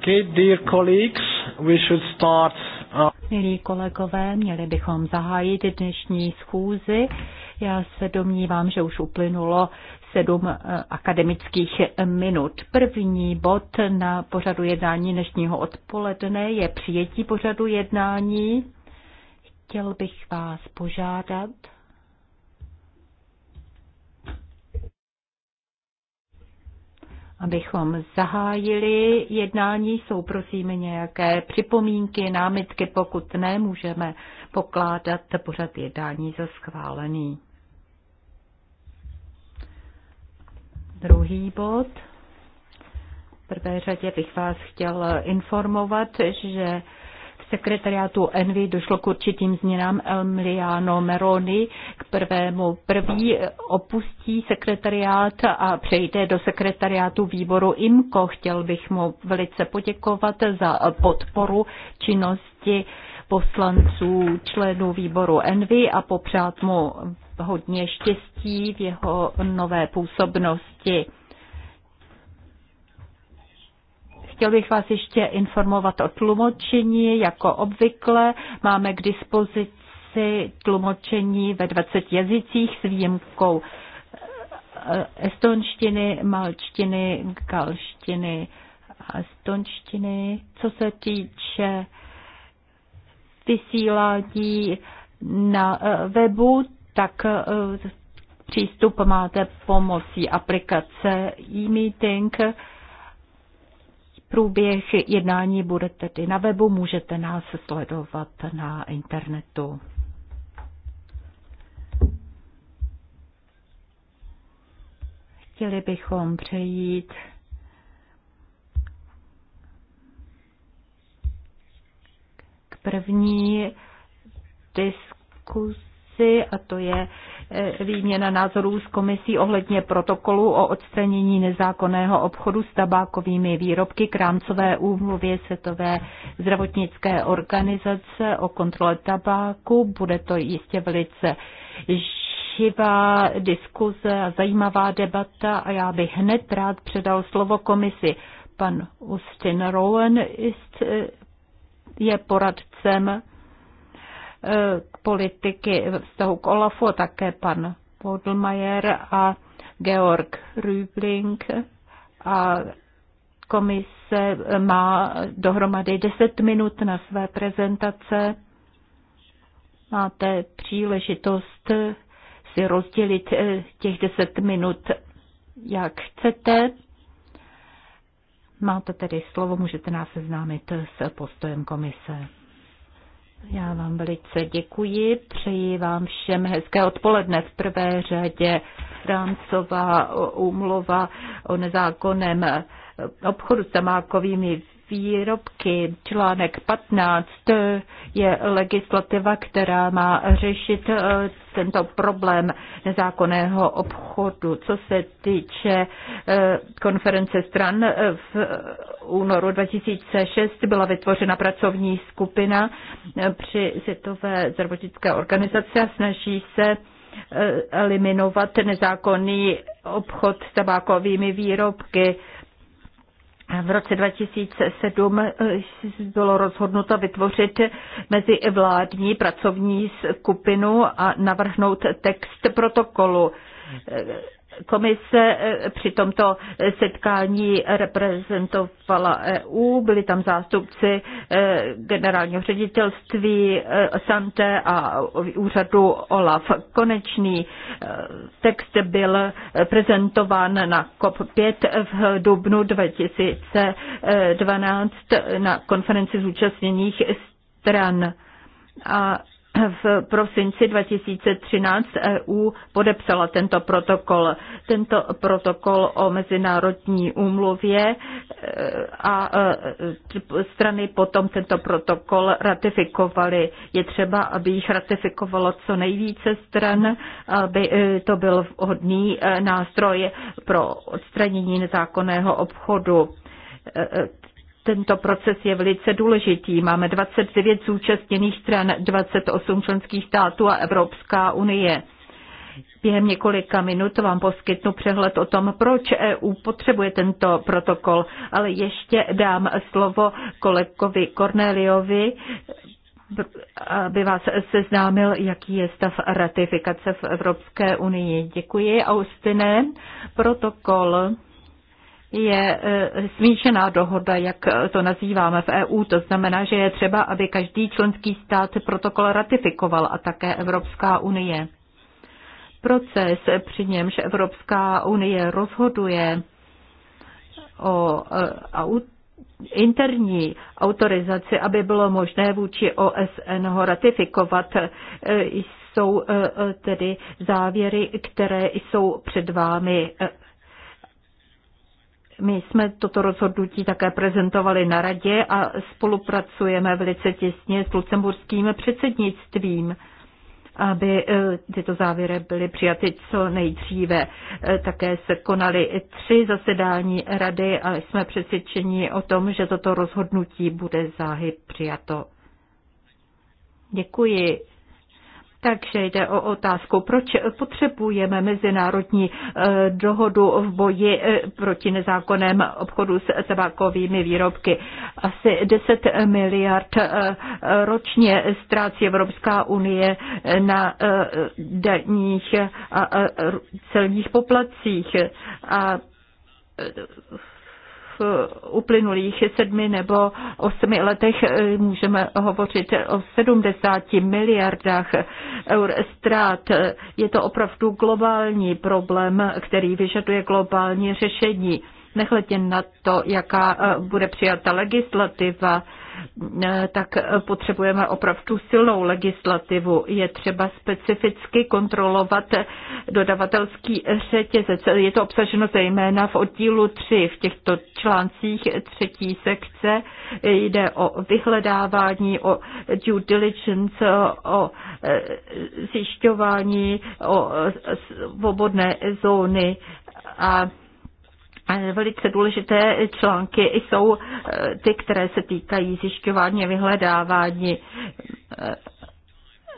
Okay, dear colleagues, we should start. Uh, Milí kolegové, měli bychom zahájit dnešní schůzi. Já se domnívám, že už uplynulo sedm uh, akademických minut. První bod na pořadu jednání dnešního odpoledne je přijetí pořadu jednání. Chtěl bych vás požádat, abychom zahájili jednání. Jsou prosím nějaké připomínky, námitky, pokud ne, můžeme pokládat pořad jednání za schválený. Druhý bod. V prvé řadě bych vás chtěl informovat, že sekretariátu Envy došlo k určitým změnám. Emiliano Meroni k prvému první opustí sekretariát a přejde do sekretariátu výboru IMKO. Chtěl bych mu velice poděkovat za podporu činnosti poslanců, členů výboru Envy a popřát mu hodně štěstí v jeho nové působnosti. Chtěl bych vás ještě informovat o tlumočení. Jako obvykle máme k dispozici tlumočení ve 20 jazycích s výjimkou eh, estonštiny, malčtiny, galštiny estonštiny. Co se týče vysílání na eh, webu, tak eh, přístup máte pomocí aplikace e-meeting Průběh jednání bude tedy na webu, můžete nás sledovat na internetu. Chtěli bychom přejít k první diskuzi věci a to je e, výměna názorů s komisí ohledně protokolu o odstranění nezákonného obchodu s tabákovými výrobky k rámcové úmluvě Světové zdravotnické organizace o kontrole tabáku. Bude to jistě velice živá diskuze a zajímavá debata a já bych hned rád předal slovo komisi. Pan Austin Rowan e, je poradcem politiky vztahu k Olafu, také pan Podlmajer a Georg Rübling a komise má dohromady 10 minut na své prezentace. Máte příležitost si rozdělit eh, těch 10 minut, jak chcete. Máte tedy slovo, můžete nás seznámit s postojem komise. Já vám velice děkuji, přeji vám všem hezké odpoledne. V prvé řadě Rámcová úmluva o nezákonném obchodu s tamákovými výrobky. Článek 15 je legislativa, která má řešit tento problém nezákonného obchodu. Co se týče eh, konference stran eh, v únoru 2006 byla vytvořena pracovní skupina eh, při Světové zdravotnické organizace a snaží se eliminovat nezákonný obchod s tabákovými výrobky. V roce 2007 eh, bylo rozhodnuto vytvořit mezi vládní pracovní skupinu a navrhnout text protokolu. Komise eh, při tomto setkání reprezentovala EU, byli tam zástupci eh, generálního ředitelství eh, Sante a úřadu Olaf. Konečný text byl prezentován na COP5 v dubnu 2012 na konferenci zúčastněných stran. A v prosinci 2013 EU podepsala tento protokol. Tento protokol o mezinárodní úmluvě e, a e, strany potom tento protokol ratifikovaly. Je třeba, aby jich ratifikovalo co nejvíce stran, aby e, to byl vhodný nástroj pro odstranění nezákonného obchodu tento proces je velice důležitý. Máme 29 zúčastněných stran, 28 členských států a Evropská unie. Během několika minut vám poskytnu přehled o tom, proč EU potřebuje tento protokol, ale ještě dám slovo kolegovi Corneliovi, aby vás seznámil, jaký je stav ratifikace v Evropské unii. Děkuji, Austine. Protokol je e, smíšená dohoda, jak to nazýváme v EU. To znamená, že je třeba, aby každý členský stát protokol ratifikoval a také Evropská unie. Proces, při němž Evropská unie rozhoduje o e, interní autorizaci, aby bylo možné vůči OSN ho ratifikovat, e, jsou tedy závěry, které jsou před vámi my jsme toto rozhodnutí také prezentovali na radě a spolupracujeme velice těsně s lucemburským předsednictvím aby eh, tyto závěry byly přijaty co nejdříve. Eh, také se konaly tři zasedání rady a jsme přesvědčeni o tom, že toto rozhodnutí bude záhy přijato. Děkuji. Takže jde o otázku, proč potřebujeme mezinárodní eh, dohodu v boji eh, proti nezákonném obchodu s tabákovými výrobky. Asi 10 miliard eh, ročně ztrácí Evropská unie na daních a celních poplacích. A Eh, uplynulých sedmi nebo osmi letech eh, můžeme hovořit o 70 miliardách eur ztrát. Je to opravdu globální problém, který vyžaduje globální řešení. Nehledě na to, jaká eh, bude přijata legislativa, Eh, tak eh, potřebujeme opravdu silnou legislativu. Je třeba specificky kontrolovat eh, dodavatelský řetězec. Je to obsaženo zejména v oddílu 3. V těchto článcích třetí sekce jde o vyhledávání, o due diligence, o zjišťování, o svobodné zóny a a velice důležité články jsou eh, ty, které se týkají zjišťování a vyhledávání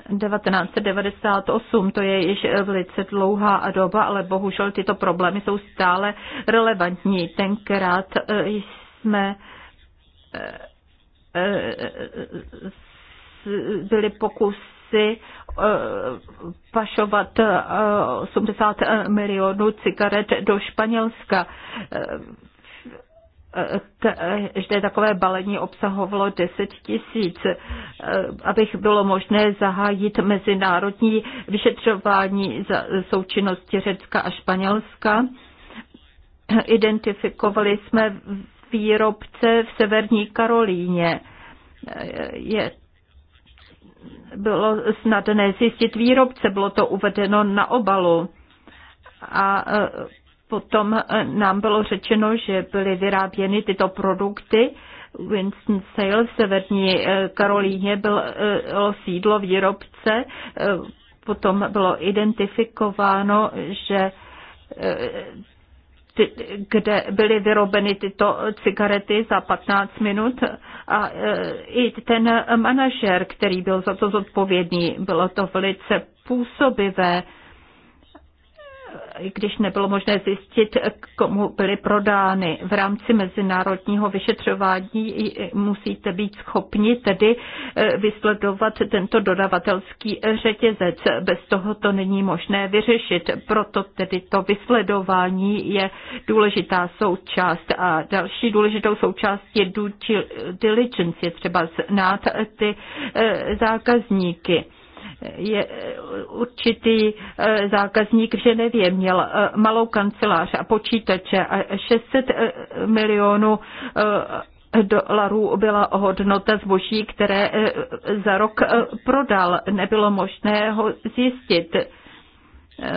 1998, eh, to je již velice dlouhá doba, ale bohužel tyto problémy jsou stále relevantní. Tenkrát eh, jsme byli pokusy Eh, pašovat 80 eh, milionů cigaret do Španělska. Eh, že takové balení obsahovalo 10 tisíc, abych bylo možné zahájit mezinárodní vyšetřování za součinnosti Řecka a Španělska. Identifikovali jsme výrobce v Severní Karolíně. Je bylo snadné zjistit výrobce, bylo to uvedeno na obalu. A e, potom e, nám bylo řečeno, že byly vyráběny tyto produkty. Winston Sale v Severní e, Karolíně bylo sídlo výrobce. Potom bylo identifikováno, že kde byly vyrobeny tyto cigarety za 15 minut. A e, i ten manažer, který byl za to zodpovědný, bylo to velice působivé i když nebylo možné zjistit, komu byly prodány. V rámci mezinárodního vyšetřování musíte být schopni tedy eh, vysledovat tento dodavatelský řetězec. Bez toho to není možné vyřešit. Proto tedy to vysledování je důležitá součást. A další důležitou součástí je due diligence. Je třeba znát ty eh, zákazníky je eh, určitý eh, zákazník v Ženevě, měl eh, malou kancelář a počítače a 600 milionů dolarů byla hodnota zboží, které za rok prodal. Nebylo možné ho zjistit.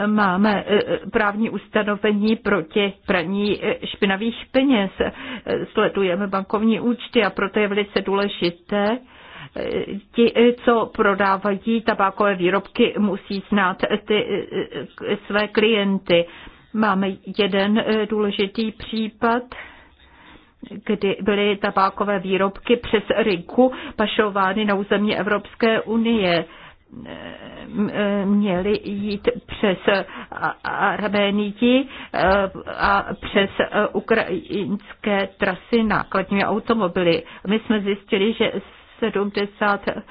Máme právní ustanovení proti praní špinavých peněz. Sledujeme bankovní účty a proto je velice důležité, ti, co prodávají tabákové výrobky, musí znát ty své klienty. Máme jeden eh, důležitý případ, kdy byly tabákové výrobky přes Rinku pašovány na území Evropské unie měli jít přes Arménii eh, a přes eh, ukrajinské trasy nákladními automobily. My jsme zjistili, že 75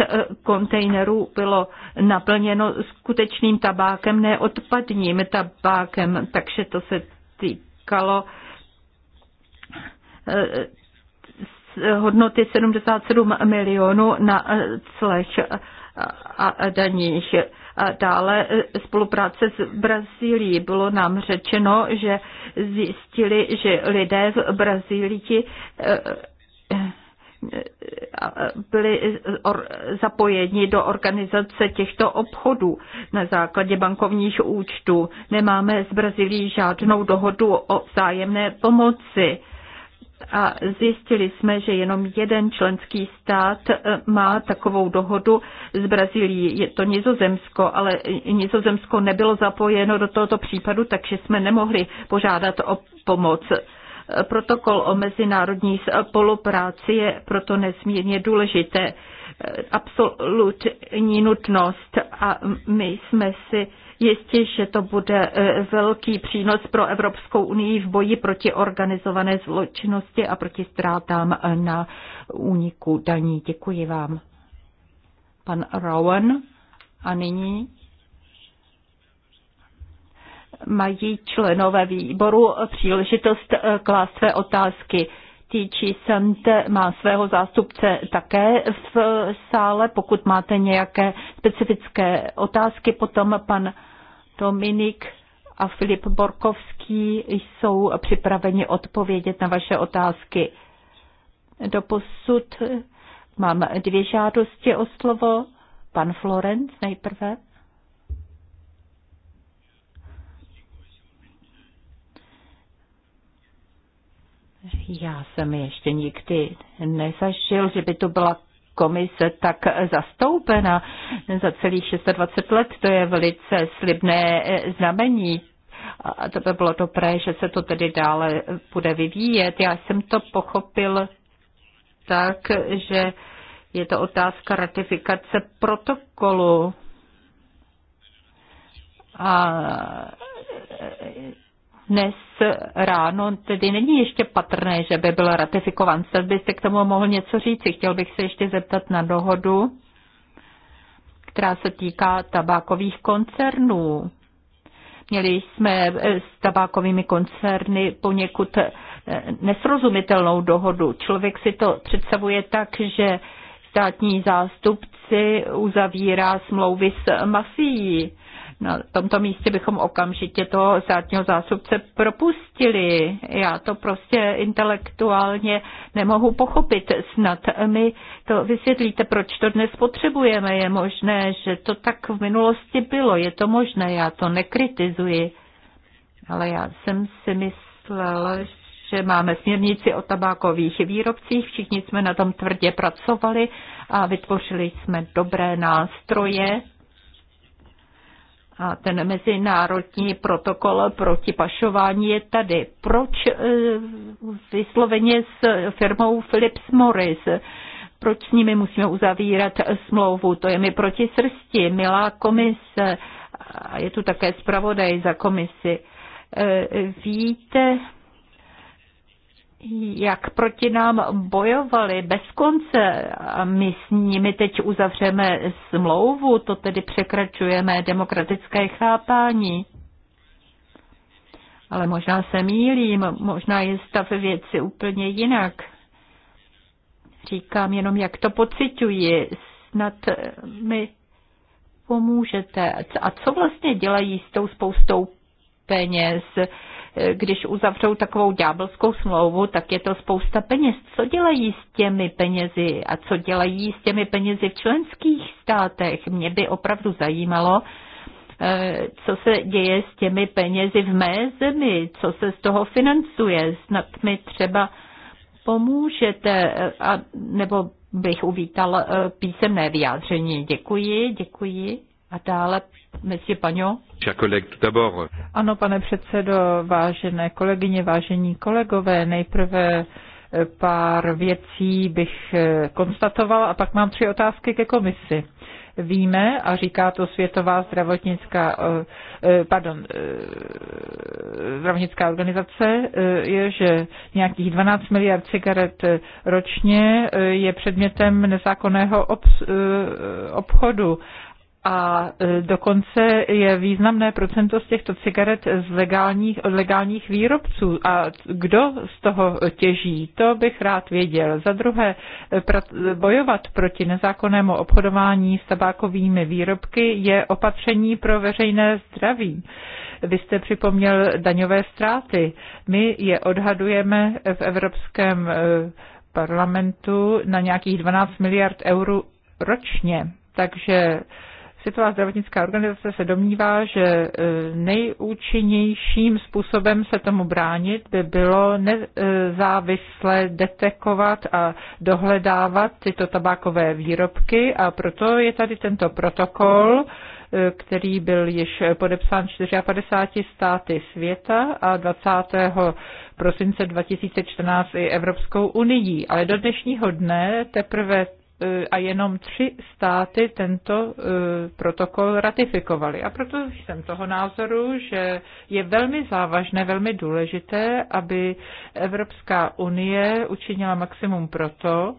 eh, kontejnerů bylo naplněno skutečným tabákem, ne odpadním tabákem, takže to se týkalo eh, hodnoty 77 milionů na eh, clech a daních. A dále spolupráce s Brazílií. Bylo nám řečeno, že zjistili, že lidé v Brazílii byli zapojeni do organizace těchto obchodů na základě bankovních účtů. Nemáme z Brazílii žádnou dohodu o vzájemné pomoci. A zjistili jsme, že jenom jeden členský stát e, má takovou dohodu Z Brazílií. Je to Nizozemsko, ale Nizozemsko nebylo zapojeno do tohoto případu, takže jsme nemohli požádat o pomoc. Protokol o mezinárodní spolupráci je proto nesmírně důležité. Absolutní nutnost a my jsme si jistě, že to bude eh, velký přínos pro Evropskou unii v boji proti organizované zločinnosti a proti ztrátám eh, na úniku daní. Děkuji vám. Pan Rowan a nyní mají členové výboru příležitost eh, klást své otázky. Týčí Sent má svého zástupce také v sále. Pokud máte nějaké specifické otázky, potom pan Dominik a Filip Borkovský jsou připraveni odpovědět na vaše otázky. Doposud mám dvě žádosti o slovo. Pan Florenc nejprve. Já jsem ještě nikdy nezažil, že by to byla komise tak zastoupena za celých 26 let. To je velice slibné znamení. A to by bylo dobré, že se to tedy dále bude vyvíjet. Já jsem to pochopil tak, že je to otázka ratifikace protokolu. A dnes ráno, tedy není ještě patrné, že by byl ratifikován. Snad byste k tomu mohl něco říci. Chtěl bych se ještě zeptat na dohodu, která se týká tabákových koncernů. Měli jsme eh, s tabákovými koncerny poněkud eh, nesrozumitelnou dohodu. Člověk si to představuje tak, že státní zástupci uzavírá smlouvy s mafií na tomto místě bychom okamžitě toho státního zásobce propustili. Já to prostě intelektuálně nemohu pochopit. Snad mi to vysvětlíte, proč to dnes potřebujeme. Je možné, že to tak v minulosti bylo. Je to možné, já to nekritizuji. Ale já jsem si myslela, že máme směrnici o tabákových výrobcích, všichni jsme na tom tvrdě pracovali a vytvořili jsme dobré nástroje, a ten mezinárodní protokol proti pašování je tady. Proč eh, vysloveně s firmou Philips Morris? Proč s nimi musíme uzavírat smlouvu? To je mi proti srsti, milá komise. A je tu také zpravodaj za komisi. Eh, víte, jak proti nám bojovali bez konce a my s nimi teď uzavřeme smlouvu, to tedy překračujeme demokratické chápání. Ale možná se mýlím, možná je stav věci úplně jinak. Říkám jenom, jak to pocituji, snad mi pomůžete. A co vlastně dělají s tou spoustou peněz? když uzavřou takovou ďábelskou smlouvu, tak je to spousta peněz. Co dělají s těmi penězi a co dělají s těmi penězi v členských státech? Mě by opravdu zajímalo, eh, co se děje s těmi penězi v mé zemi, co se z toho financuje. Snad mi třeba pomůžete, eh, a, nebo bych uvítal eh, písemné vyjádření. Děkuji, děkuji. A dále, Messie Paňo. Ano, pane předsedo, vážené kolegyně, vážení kolegové, nejprve eh, pár věcí bych eh, konstatoval a pak mám tři otázky ke komisi. Víme, a říká to Světová zdravotnická, eh, pardon, zdravotnická organizace, je, že nějakých 12 miliard cigaret ročně je předmětem nezákonného obchodu a e, dokonce je významné procento z těchto cigaret z legálních, od legálních výrobců. A kdo z toho těží, to bych rád věděl. Za druhé, e, bojovat proti nezákonnému obchodování s tabákovými výrobky je opatření pro veřejné zdraví. Vy jste připomněl daňové ztráty. My je odhadujeme v Evropském e, parlamentu na nějakých 12 miliard eur ročně. Takže Světová zdravotnická organizace se domnívá, že e, nejúčinnějším způsobem se tomu bránit by bylo nezávisle detekovat a dohledávat tyto tabákové výrobky a proto je tady tento protokol, e, který byl již podepsán 54 státy světa a 20. prosince 2014 i Evropskou unii. Ale do dnešního dne teprve a jenom tři státy tento e, protokol ratifikovaly. A proto jsem toho názoru, že je velmi závažné, velmi důležité, aby Evropská unie učinila maximum proto,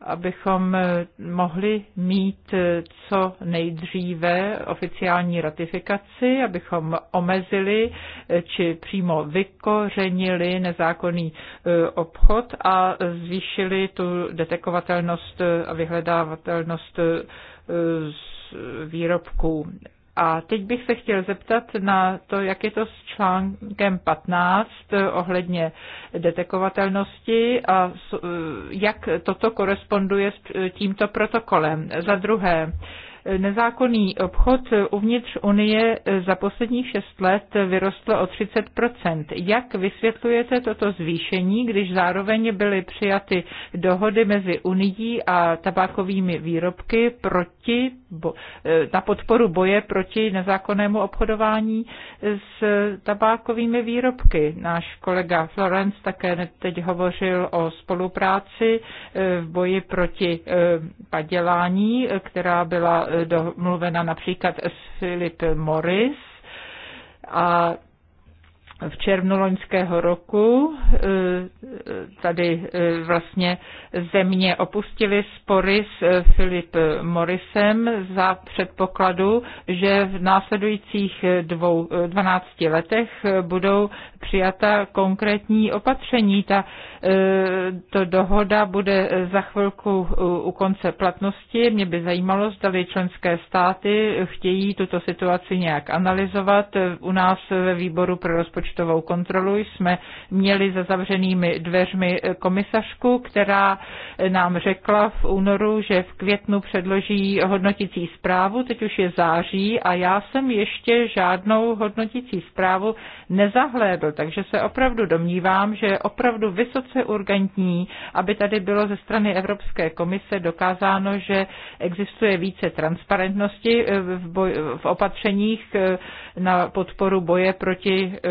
abychom eh, mohli mít eh, co nejdříve oficiální ratifikaci, abychom omezili eh, či přímo vykořenili nezákonný obchod a zvýšili tu detekovatelnost a vyhledávatelnost výrobků. A teď bych se chtěl zeptat na to, jak je to s článkem 15 ohledně detekovatelnosti a jak toto koresponduje s tímto protokolem. Za druhé, nezákonný obchod uvnitř Unie za posledních šest let vyrostl o 30 Jak vysvětlujete toto zvýšení, když zároveň byly přijaty dohody mezi Unií a tabákovými výrobky proti, bo, eh, na podporu boje proti nezákonnému obchodování s tabákovými výrobky? Náš kolega Florence také teď hovořil o spolupráci eh, v boji proti eh, padělání, která byla E, domluvena například s Philip Morris a v červnu loňského roku. Eh, tady eh, vlastně země opustili spory s Filip eh, Morisem za předpokladu, že v následujících dvou, 12 letech budou přijata konkrétní opatření. Ta to dohoda bude za chvilku u konce platnosti. Mě by zajímalo, zda členské státy chtějí tuto situaci nějak analyzovat. U nás ve výboru pro rozpočet rozpočtovou kontrolu jsme měli za zavřenými dveřmi komisařku, která nám řekla v únoru, že v květnu předloží hodnotící zprávu, teď už je září a já jsem ještě žádnou hodnotící zprávu nezahlédl, takže se opravdu domnívám, že je opravdu vysoce urgentní, aby tady bylo ze strany Evropské komise dokázáno, že existuje více transparentnosti v, boj, v opatřeních eh, na podporu boje proti eh,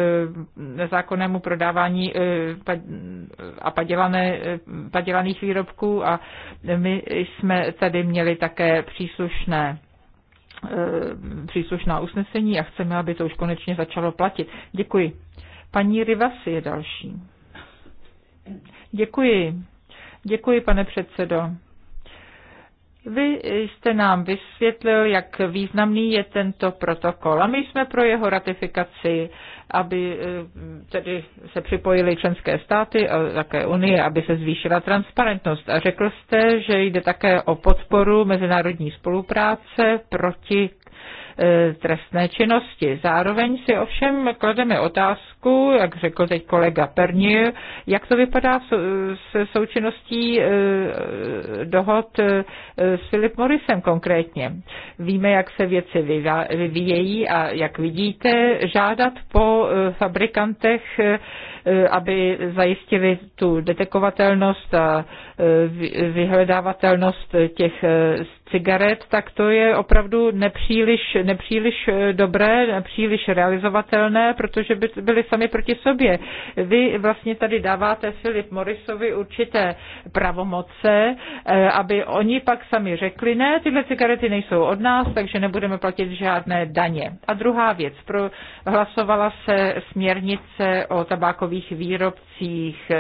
nezákonnému prodávání eh, a padělané, eh, padělaných výrobků a my jsme tady měli také příslušné eh, příslušná usnesení a chceme, aby to už konečně začalo platit. Děkuji. Paní Rivas je další. Děkuji. Děkuji, pane předsedo. Vy jste nám vysvětlil, jak významný je tento protokol a my jsme pro jeho ratifikaci aby e, tedy se připojily členské státy a také Unie, aby se zvýšila transparentnost. A řekl jste, že jde také o podporu mezinárodní spolupráce proti E, trestné činnosti. Zároveň si ovšem klademe otázku, jak řekl teď kolega Perni, jak to vypadá se součinností e, dohod e, s Filip Morisem konkrétně. Víme, jak se věci vyvíjejí a jak vidíte, žádat po fabrikantech, aby zajistili tu detekovatelnost a vyhledávatelnost těch eh, cigaret, tak to je opravdu nepříliš, nepříliš eh, dobré, nepříliš realizovatelné, protože by byli sami proti sobě. Vy vlastně tady dáváte Filip Morisovi určité pravomoce, eh, aby oni pak sami řekli, ne, tyhle cigarety nejsou od nás, takže nebudeme platit žádné daně. A druhá věc, prohlasovala se směrnice o tabákových výrobcích,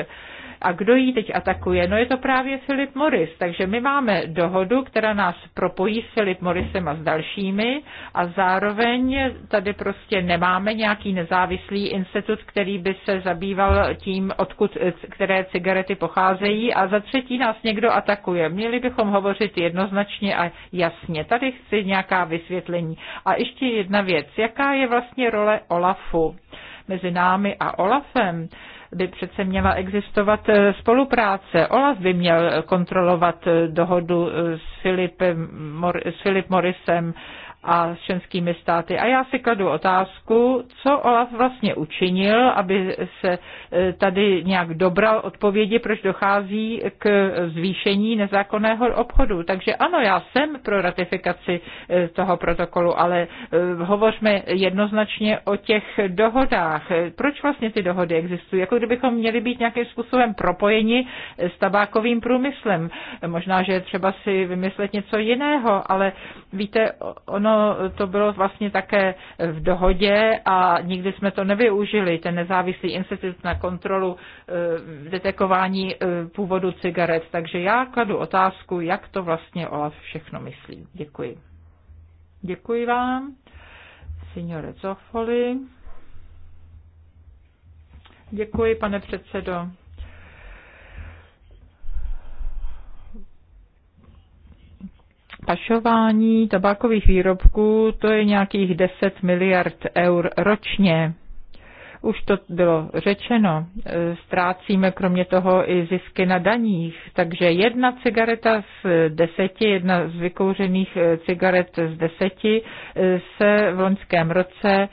a kdo ji teď atakuje? No je to právě Philip Morris. Takže my máme dohodu, která nás propojí s Philip Morrisem a s dalšími a zároveň tady prostě nemáme nějaký nezávislý institut, který by se zabýval tím, odkud které cigarety pocházejí a za třetí nás někdo atakuje. Měli bychom hovořit jednoznačně a jasně. Tady chci nějaká vysvětlení. A ještě jedna věc. Jaká je vlastně role OLAFu mezi námi a OLAFem? by přece měla existovat eh, spolupráce. Olaf by měl kontrolovat eh, dohodu eh, s, Filipem, s Filip Morrisem a s členskými státy. A já si kladu otázku, co Olaf vlastně učinil, aby se e, tady nějak dobral odpovědi, proč dochází k zvýšení nezákonného obchodu. Takže ano, já jsem pro ratifikaci e, toho protokolu, ale e, hovořme jednoznačně o těch dohodách. Proč vlastně ty dohody existují? Jako kdybychom měli být nějakým způsobem propojeni s tabákovým průmyslem. Možná, že třeba si vymyslet něco jiného, ale víte, ono Ono to bylo vlastně také v dohodě a nikdy jsme to nevyužili, ten nezávislý institut na kontrolu eh, detekování eh, původu cigaret. Takže já kladu otázku, jak to vlastně Olaf všechno myslí. Děkuji. Děkuji vám, signore Zofoli. Děkuji, pane předsedo. pašování tabákových výrobků, to je nějakých 10 miliard eur ročně. Už to bylo řečeno, e, ztrácíme kromě toho i zisky na daních, takže jedna cigareta z deseti, jedna z vykouřených e, cigaret z deseti e, se v loňském roce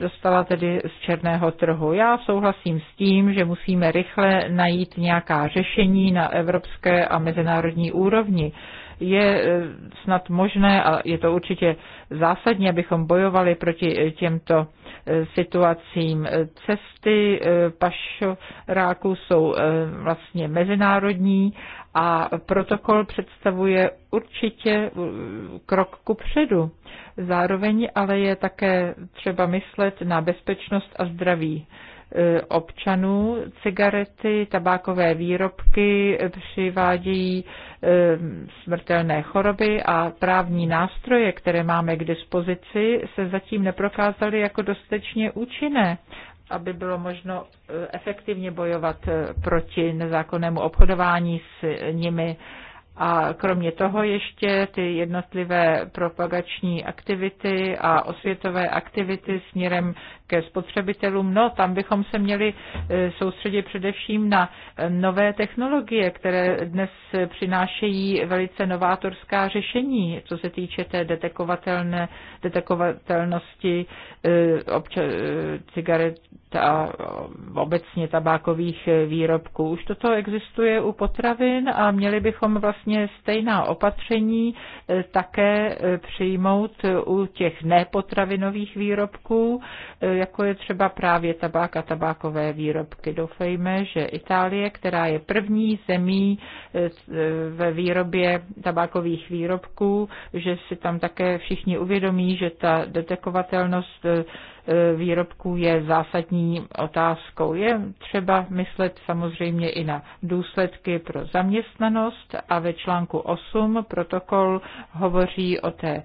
dostala tedy z černého trhu. Já souhlasím s tím, že musíme rychle najít nějaká řešení na evropské a mezinárodní úrovni je eh, snad možné a je to určitě zásadní, abychom bojovali proti eh, těmto eh, situacím. Cesty pašoráků jsou vlastně mezinárodní a protokol představuje určitě krok ku předu. Zároveň ale je také třeba myslet na bezpečnost a zdraví E, občanů. Cigarety, tabákové výrobky přivádějí e, smrtelné choroby a právní nástroje, které máme k dispozici, se zatím neprokázaly jako dostatečně účinné aby bylo možno e, efektivně bojovat proti nezákonnému obchodování s nimi. A kromě toho ještě ty jednotlivé propagační aktivity a osvětové aktivity směrem ke spotřebitelům, no tam bychom se měli e, soustředit především na e, nové technologie, které dnes e, přinášejí velice novátorská řešení, co se týče té detekovatelné, detekovatelnosti obča- cigaret a obecně tabákových výrobků. Už toto existuje u potravin a měli bychom vlastně stejná opatření také přijmout u těch nepotravinových výrobků jako je třeba právě tabák a tabákové výrobky. Doufejme, že Itálie, která je první zemí eh, ve výrobě tabákových výrobků, že si tam také všichni uvědomí, že ta detekovatelnost eh, eh, výrobků je zásadní otázkou. Je třeba myslet samozřejmě i na důsledky pro zaměstnanost a ve článku 8 protokol hovoří o té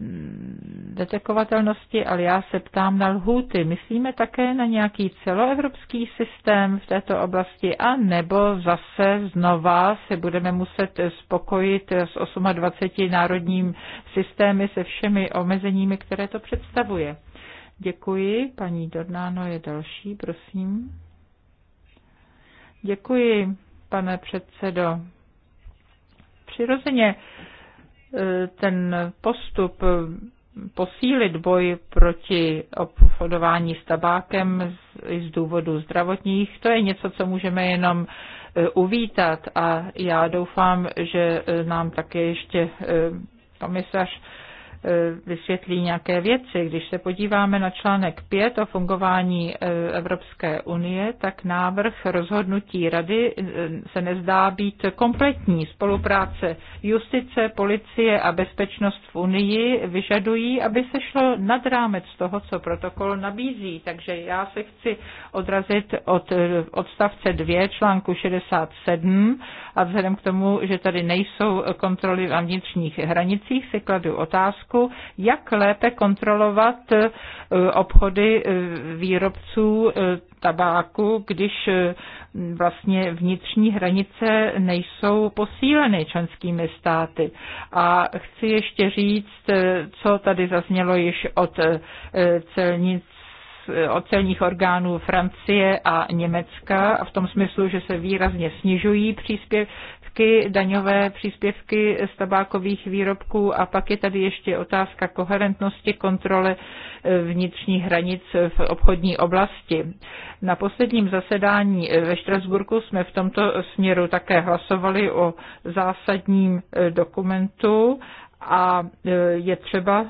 Mm, detekovatelnosti, ale já se ptám na lhůty. Myslíme také na nějaký celoevropský systém v této oblasti a nebo zase znova se budeme muset spokojit s 28 národním systémy se všemi omezeními, které to představuje. Děkuji. Paní Dornáno je další, prosím. Děkuji, pane předsedo. Přirozeně E, ten postup e, posílit boj proti obchodování s tabákem z, z důvodu zdravotních, to je něco, co můžeme jenom e, uvítat a já doufám, že nám také ještě komisař E, vysvětlí nějaké věci. Když se podíváme na článek 5 o fungování e, Evropské unie, tak návrh rozhodnutí rady e, se nezdá být kompletní. Spolupráce justice, policie a bezpečnost v unii vyžadují, aby se šlo nad rámec toho, co protokol nabízí. Takže já se chci odrazit od odstavce 2 článku 67 a vzhledem k tomu, že tady nejsou kontroly na vnitřních hranicích, se kladu otázku, otázku, jak lépe kontrolovat eh, obchody eh, výrobců eh, tabáku, když vlastně vnitřní hranice nejsou posíleny členskými státy. A chci ještě říct, co tady zaznělo již od celnic od celních orgánů Francie a Německa a v tom smyslu, že se výrazně snižují příspěv, poplatky, daňové příspěvky z tabákových výrobků a pak je tady ještě otázka koherentnosti kontrole eh, vnitřních hranic v obchodní oblasti. Na posledním zasedání eh, ve Štrasburku jsme v tomto směru také hlasovali o zásadním eh, dokumentu a je třeba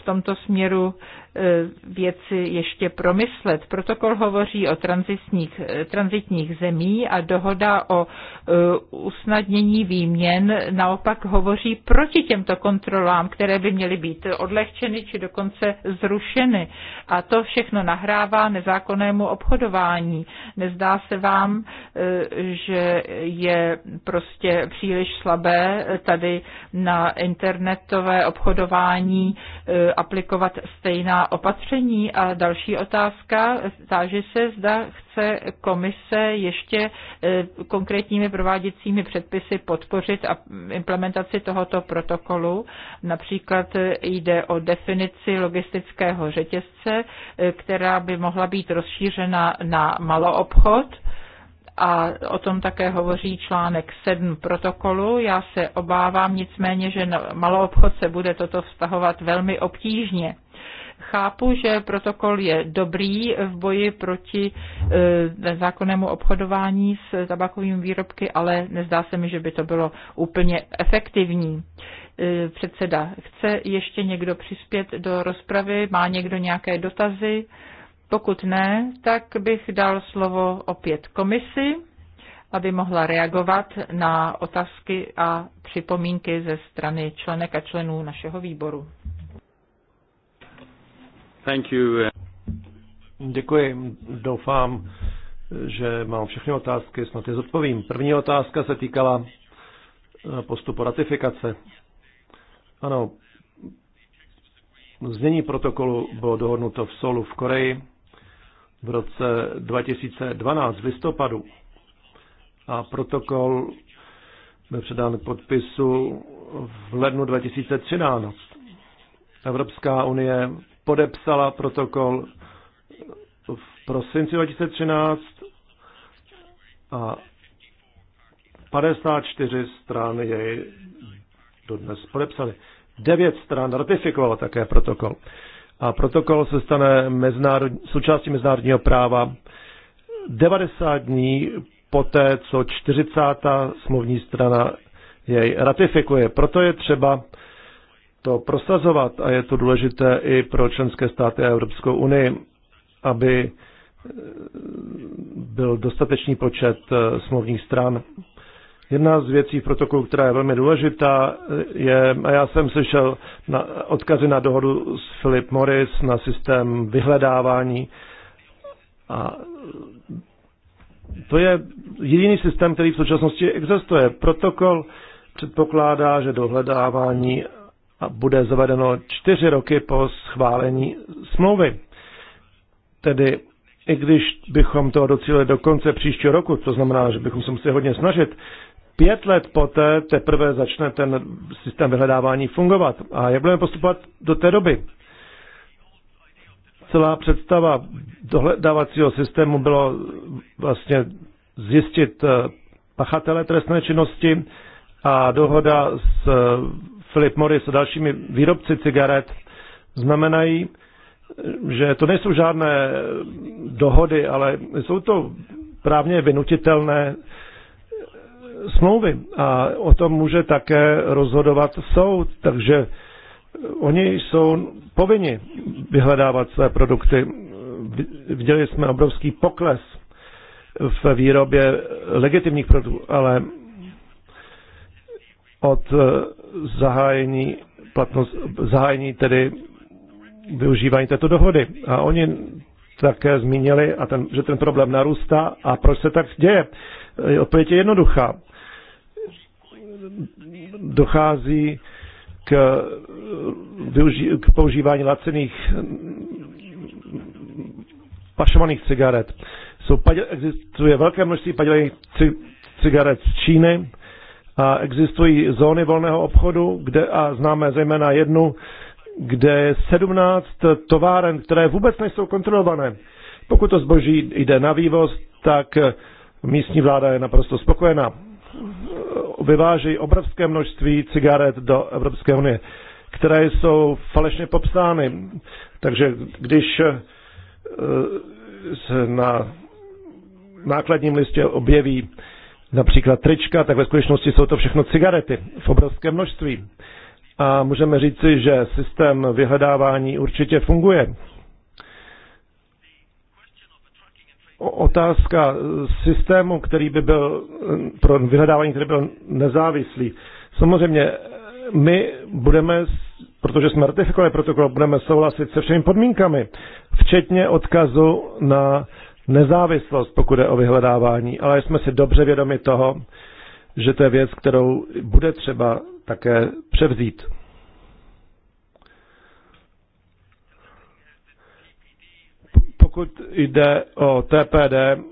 v tomto směru E, věci ještě promyslet. Protokol hovoří o transitních, e, transitních zemí a dohoda o e, usnadnění výměn naopak hovoří proti těmto kontrolám, které by měly být odlehčeny či dokonce zrušeny. A to všechno nahrává nezákonnému obchodování. Nezdá se vám, že je prostě příliš slabé tady na internetové obchodování aplikovat stejná opatření. A další otázka, táže se, zda chce komise ještě eh, konkrétními prováděcími předpisy podpořit a implementaci tohoto protokolu. Například eh, jde o definici logistického řetězce, eh, která by mohla být rozšířena na maloobchod a o tom také hovoří článek 7 protokolu. Já se obávám nicméně, že na maloobchod se bude toto vztahovat velmi obtížně. Chápu, že protokol je dobrý v boji proti e, nezákonnému obchodování s tabakovými výrobky, ale nezdá se mi, že by to bylo úplně efektivní. E, předseda, chce ještě někdo přispět do rozpravy? Má někdo nějaké dotazy? Pokud ne, tak bych dal slovo opět komisi, aby mohla reagovat na otázky a připomínky ze strany členek a členů našeho výboru. Thank you. Děkuji. Doufám, že mám všechny otázky, snad je zodpovím. První otázka se týkala eh, postupu ratifikace. Ano, znění protokolu bylo dohodnuto v Solu v Koreji v roce 2012 v listopadu a protokol byl předán k podpisu v lednu 2013. Evropská unie podepsala protokol v prosinci 2013 a 54 stran jej dodnes podepsali. Devět stran ratifikovalo také protokol. A protokol se stane mezinárodní, součástí mezinárodního práva 90 dní poté, co 40. smluvní strana jej ratifikuje. Proto je třeba to prosazovat a je to důležité i pro členské státy a Evropskou unii, aby eh, byl dostatečný počet eh, smluvních stran. Jedna z věcí v protokolu, která je velmi důležitá, eh, je, a já jsem slyšel na, odkazy na dohodu s Philip Morris, na systém vyhledávání. A to je jediný systém, který v současnosti existuje. Protokol předpokládá, že dohledávání a bude zavedeno čtyři roky po schválení smlouvy. Tedy i když bychom to docílili do konce příštího roku, to znamená, že bychom se museli hodně snažit, pět let poté teprve začne ten systém vyhledávání fungovat. A jak budeme postupovat do té doby? Celá představa dohledávacího systému bylo vlastně zjistit eh, pachatele trestné činnosti a dohoda s eh, Philip Morris a dalšími výrobci cigaret, znamenají, že to nejsou žádné dohody, ale jsou to právně vynutitelné smlouvy. A o tom může také rozhodovat soud, takže oni jsou povinni vyhledávat své produkty. Viděli jsme obrovský pokles v výrobě legitimních produktů, ale od eh, zahájení, platnost, zahájení tedy využívání této dohody. A oni také zmínili, a ten, že ten problém narůstá a proč se tak děje. Eh, odpověď je jednoduchá. Dochází k, eh, využi- k používání lacených pašovaných cigaret. Jsou, existuje velké množství padělých cigaret z Číny, a existují zóny volného obchodu, kde, a známe zejména jednu, kde je 17 továren, které vůbec nejsou kontrolované. Pokud to zboží jde na vývoz, tak místní vláda je naprosto spokojená. Vyváží obrovské množství cigaret do Evropské unie, které jsou falešně popsány. Takže když eh, se na nákladním listě objeví například trička, tak ve skutečnosti jsou to všechno cigarety v obrovském množství. A můžeme říci, že systém vyhledávání určitě funguje. Otázka systému, který by byl pro vyhledávání, který byl nezávislý. Samozřejmě my budeme, protože jsme ratifikovali protokol, budeme souhlasit se všemi podmínkami, včetně odkazu na nezávislost, pokud je o vyhledávání, ale jsme si dobře vědomi toho, že to je věc, kterou bude třeba také převzít. Pokud jde o TPD,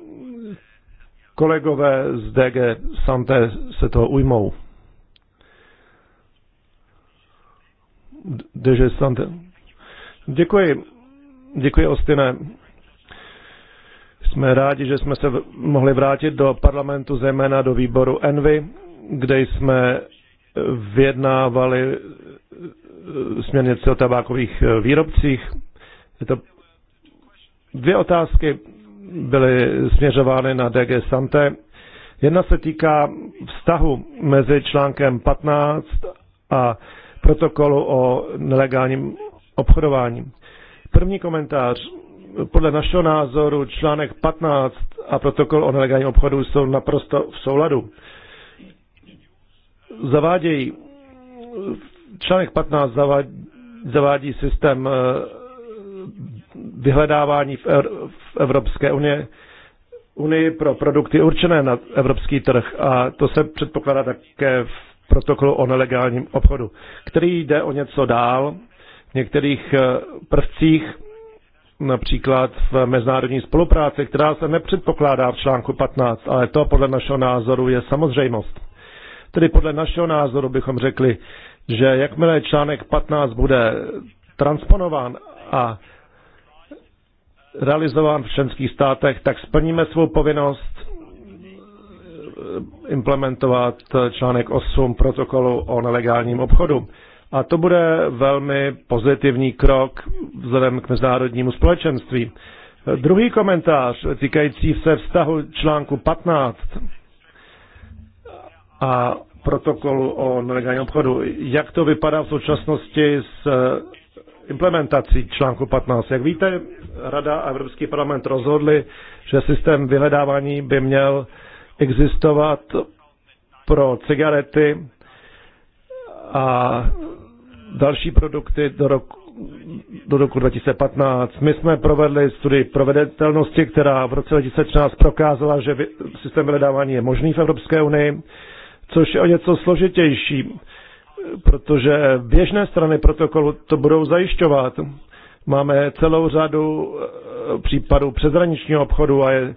kolegové z DG Santé se toho ujmou. DG Santé. Děkuji. Děkuji, Ostine. Jsme rádi, že jsme se mohli vrátit do parlamentu, zejména do výboru Envy, kde jsme vyjednávali eh, směrnice o tabákových eh, výrobcích. Je to dvě otázky byly směřovány na DG SANTE. Jedna se týká vztahu mezi článkem 15 a protokolu o nelegálním obchodování. První komentář podle našeho názoru článek 15 a protokol o nelegálním obchodu jsou naprosto v souladu. Zavádějí, článek 15 zavádí, zavádí systém eh, vyhledávání v, v Evropské unie, unii pro produkty určené na evropský trh a to se předpokládá také v protokolu o nelegálním obchodu, který jde o něco dál v některých eh, prvcích například v mezinárodní spolupráci, která se nepředpokládá v článku 15, ale to podle našeho názoru je samozřejmost. Tedy podle našeho názoru bychom řekli, že jakmile článek 15 bude transponován a realizován v členských státech, tak splníme svou povinnost eh, implementovat eh, článek 8 protokolu o nelegálním obchodu. A to bude velmi pozitivní krok vzhledem k mezinárodnímu společenství. Druhý komentář týkající se vztahu článku 15 a protokolu o nelegálním obchodu. Jak to vypadá v současnosti s eh, implementací článku 15? Jak víte, Rada a Evropský parlament rozhodli, že systém vyhledávání by měl existovat pro cigarety a další produkty do roku, do roku 2015. My jsme provedli studii provedetelnosti, která v roce 2013 prokázala, že systém vydávání je možný v Evropské unii, což je o něco složitější, protože běžné strany protokolu to budou zajišťovat. Máme celou řadu eh, případů přezraničního obchodu a je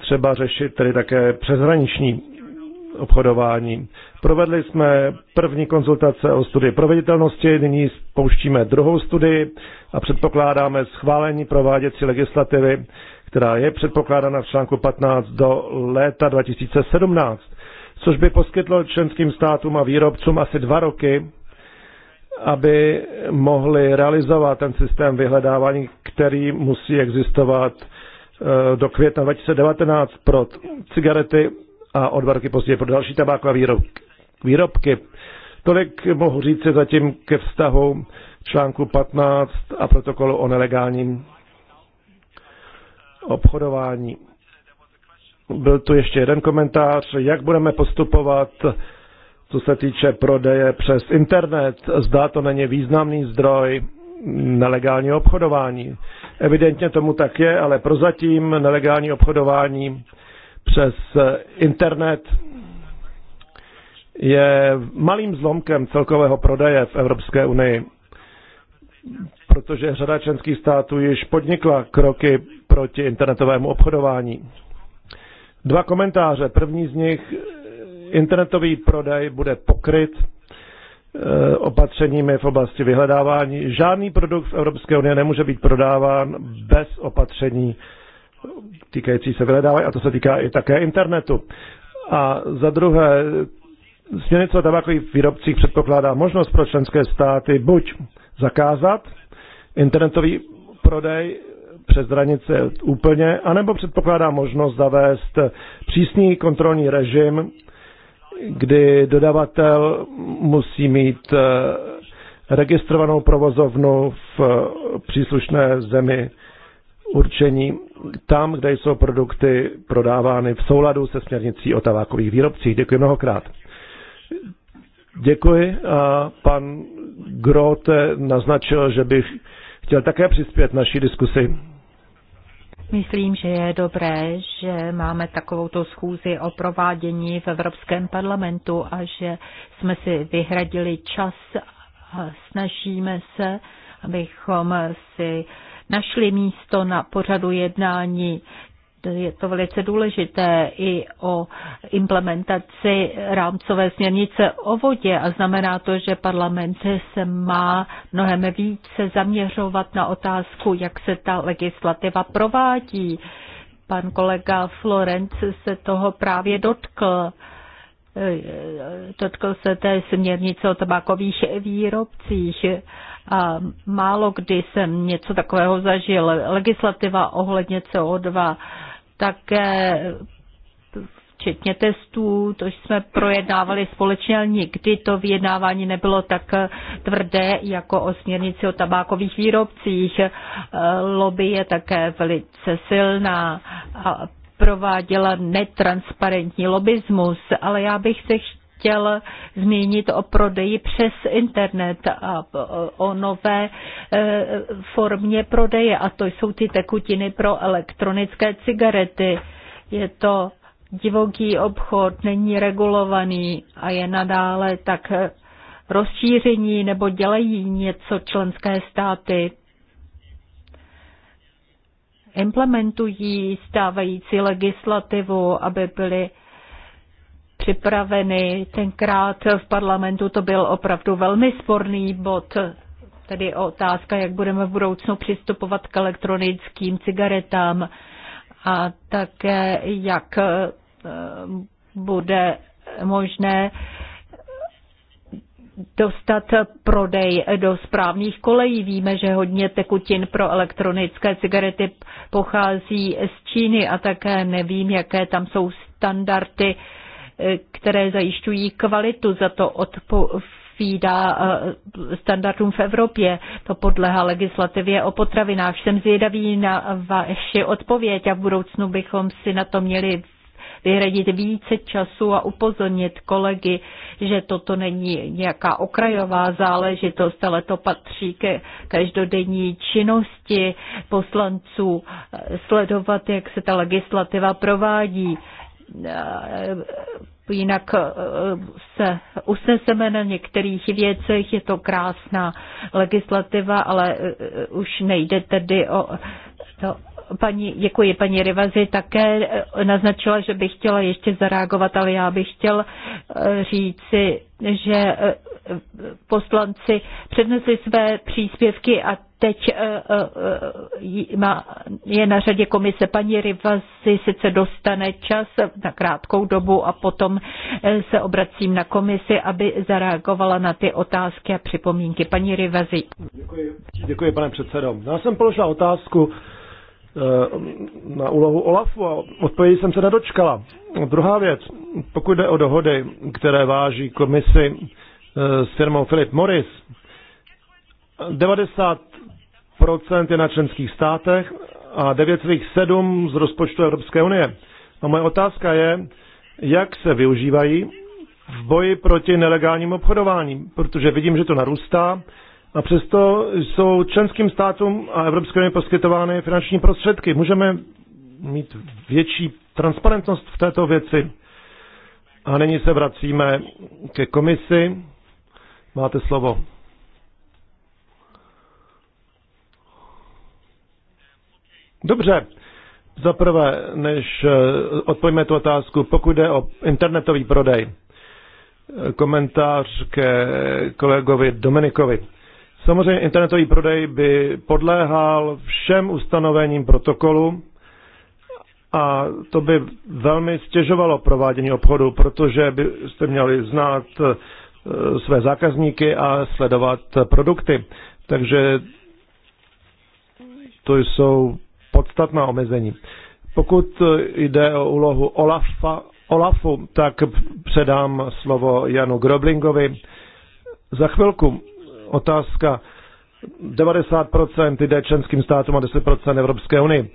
třeba řešit tedy také přezraniční obchodování. Provedli jsme první konzultace o studii proveditelnosti, nyní spouštíme druhou studii a předpokládáme schválení prováděcí legislativy, která je předpokládána v článku 15 do léta 2017, což by poskytlo členským státům a výrobcům asi dva roky, aby mohli realizovat ten systém vyhledávání, který musí existovat eh, do května 2019 pro cigarety a o dva roky později pro další tabákové výrobky. výrobky. Tolik mohu říct se zatím ke vztahu článku 15 a protokolu o nelegálním obchodování. Byl tu ještě jeden komentář, jak budeme postupovat, co se týče prodeje přes internet. Zdá to není významný zdroj nelegálního obchodování. Evidentně tomu tak je, ale prozatím nelegální obchodování přes eh, internet je malým zlomkem celkového prodeje v Evropské unii, protože řada členských států již podnikla kroky proti internetovému obchodování. Dva komentáře. První z nich, internetový prodej bude pokryt eh, opatřeními v oblasti vyhledávání. Žádný produkt v Evropské unii nemůže být prodáván bez opatření týkající se vyhledávání, a to se týká i také internetu. A za druhé, směrnice o tabákových výrobcích předpokládá možnost pro členské státy buď zakázat internetový prodej přes hranice úplně, anebo předpokládá možnost zavést přísný kontrolní režim, kdy dodavatel musí mít eh, registrovanou provozovnu v eh, příslušné zemi určení tam, kde jsou produkty prodávány v souladu se směrnicí o tabákových výrobcích. Děkuji mnohokrát. Děkuji. A pan Grote naznačil, že bych chtěl také přispět naší diskusi. Myslím, že je dobré, že máme takovouto schůzi o provádění v Evropském parlamentu a že jsme si vyhradili čas a snažíme se, abychom si uh, našli místo na pořadu jednání. Je to velice důležité i o implementaci rámcové směrnice o vodě a znamená to, že parlament se má mnohem více zaměřovat na otázku, jak se ta legislativa provádí. Pan kolega Florenc se toho právě dotkl dotkl se té směrnice o tabakových výrobcích a málo kdy jsem něco takového zažil. Legislativa ohledně CO2 také včetně testů, to jsme projednávali společně, ale nikdy to vyjednávání nebylo tak tvrdé jako o směrnici o tabákových výrobcích. Lobby je také velice silná a prováděla netransparentní lobismus, ale já bych se chtěl zmínit o prodeji přes internet a o nové e, formě prodeje, a to jsou ty tekutiny pro elektronické cigarety. Je to divoký obchod, není regulovaný a je nadále tak rozšíření nebo dělají něco členské státy. Implementují stávající legislativu, aby byly připraveny. Tenkrát v parlamentu to byl opravdu velmi sporný bod, tedy otázka, jak budeme v budoucnu přistupovat k elektronickým cigaretám a také jak eh, bude možné dostat prodej do správných kolejí. Víme, že hodně tekutin pro elektronické cigarety pochází z Číny a také nevím, jaké tam jsou standardy které zajišťují kvalitu. Za to odpovídá eh, standardům v Evropě. To podlehá legislativě o potravinách. Jsem zvědavý na vaši odpověď a v budoucnu bychom si na to měli vyhradit více času a upozornit kolegy, že toto není nějaká okrajová záležitost, ale to patří ke každodenní činnosti poslanců eh, sledovat, jak se ta legislativa provádí. Eh, jinak eh, se usneseme na některých věcech, je to krásná legislativa, ale eh, už nejde tedy o to, paní, děkuji paní Rivazi, také eh, naznačila, že bych chtěla ještě zareagovat, ale já bych chtěl eh, říci, že eh, poslanci přednesli své příspěvky a teď je na řadě komise. Paní Rivazi sice dostane čas na krátkou dobu a potom se obracím na komisi, aby zareagovala na ty otázky a připomínky. Paní Rivazi. Děkuji, děkuji pane předsedo. Já jsem položila otázku, na úlohu OLAFu a odpovědi jsem se nedočkala. Druhá věc, pokud jde o dohody, které váží komisi eh, s firmou Philip Morris, 90% je na členských státech a 9,7% z rozpočtu Evropské unie. A moje otázka je, jak se využívají v boji proti nelegálnímu obchodování, protože vidím, že to narůstá a přesto jsou členským státům a Evropské unii poskytovány finanční prostředky. Můžeme mít větší transparentnost v této věci. A nyní se vracíme ke komisi. Máte slovo. Dobře. Za prvé, než eh, odpovíme tu otázku, pokud jde o internetový prodej, komentář ke kolegovi Dominikovi. Samozřejmě internetový prodej by podléhal všem ustanovením protokolu a to by velmi stěžovalo provádění obchodu, protože byste měli znát eh, své zákazníky a sledovat produkty. Takže to jsou podstatná omezení. Pokud jde o úlohu Olafa, Olafu, tak předám slovo Janu Groblingovi. Za chvilku otázka. 90% jde členským státům a 10% Evropské unii.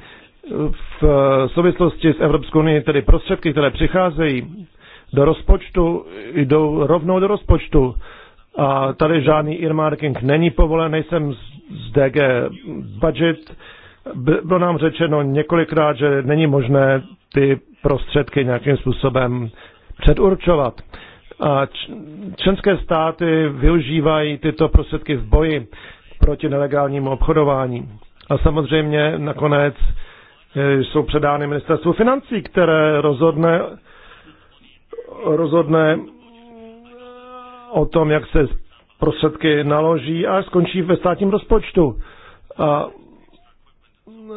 V souvislosti s Evropskou unii tedy prostředky, které přicházejí do rozpočtu, jdou rovnou do rozpočtu. A tady žádný earmarking není povolen, nejsem z DG budget. Bylo nám řečeno několikrát, že není možné ty prostředky nějakým způsobem předurčovat. A členské státy využívají tyto prostředky v boji proti nelegálnímu obchodování. A samozřejmě nakonec e, jsou předány ministerstvu financí, které rozhodne, rozhodne o tom, jak se prostředky naloží a skončí ve státním rozpočtu. A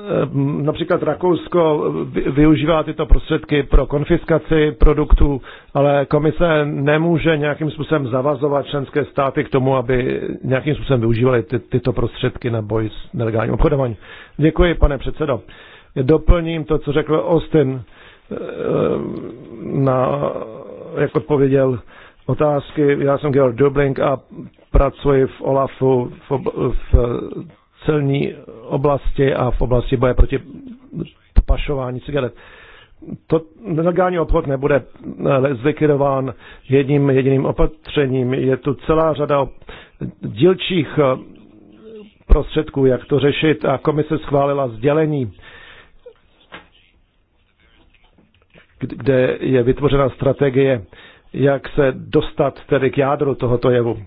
Eh, například Rakousko využívá tyto prostředky pro konfiskaci produktů, ale komise nemůže nějakým způsobem zavazovat členské státy k tomu, aby nějakým způsobem využívaly ty, tyto prostředky na boj s nelegálním obchodováním. Děkuji, pane předsedo. Doplním to, co řekl Austin eh, na, jak odpověděl otázky. Já jsem Georg Dubling a pracuji v OLAFu v, v celní oblasti a v oblasti boje proti pašování cigaret. To nelegální obchod nebude eh, zlikvidován jedním jediným opatřením. Je tu celá řada dílčích eh, prostředků, jak to řešit a komise schválila sdělení, kde je vytvořena strategie, jak se dostat tedy k jádru tohoto jevu.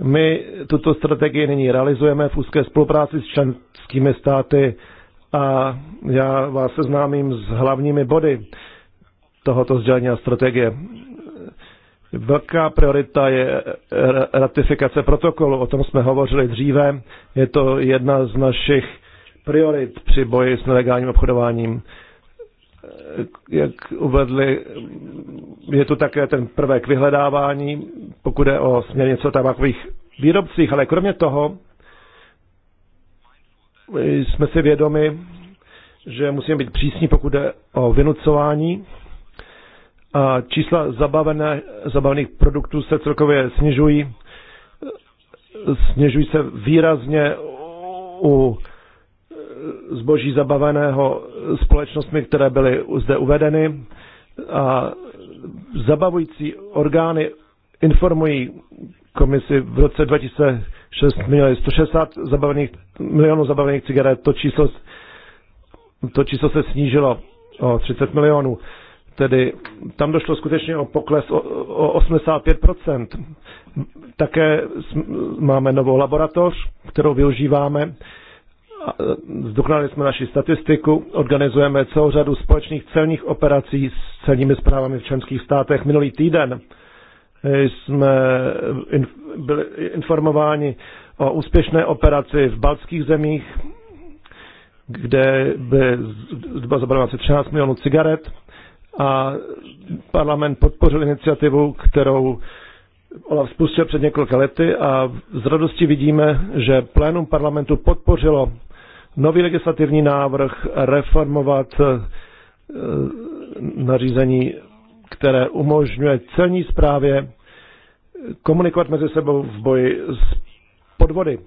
My tuto strategii nyní realizujeme v úzké spolupráci s členskými státy a já vás seznámím s hlavními body tohoto sdělení a strategie. Velká priorita je ratifikace protokolu, o tom jsme hovořili dříve. Je to jedna z našich priorit při boji s nelegálním obchodováním jak uvedli, je tu také ten prvek vyhledávání, pokud je o směrnice o tabakových výrobcích, ale kromě toho jsme si vědomi, že musíme být přísní, pokud je o vynucování. A čísla zabavené, zabavených produktů se celkově snižují. Snižují se výrazně u zboží zabaveného společnostmi, které byly zde uvedeny. A zabavující orgány informují komisi v roce 2006 měli 160 zabavených, milionů zabavených cigaret, to číslo, to číslo se snížilo o 30 milionů. Tedy tam došlo skutečně o pokles o, o 85%. Také máme novou laboratoř, kterou využíváme Zdokonali jsme naši statistiku, organizujeme celou řadu společných celních operací s celními zprávami v členských státech. Minulý týden eh, jsme byli informováni o úspěšné operaci v baltských zemích, kde bylo zhruba asi 13 milionů cigaret a parlament podpořil iniciativu, kterou Olaf spustil před několika lety a s radostí vidíme, že plénum parlamentu podpořilo nový legislativní návrh reformovat eh, nařízení, které umožňuje celní správě komunikovat mezi sebou v boji s podvody.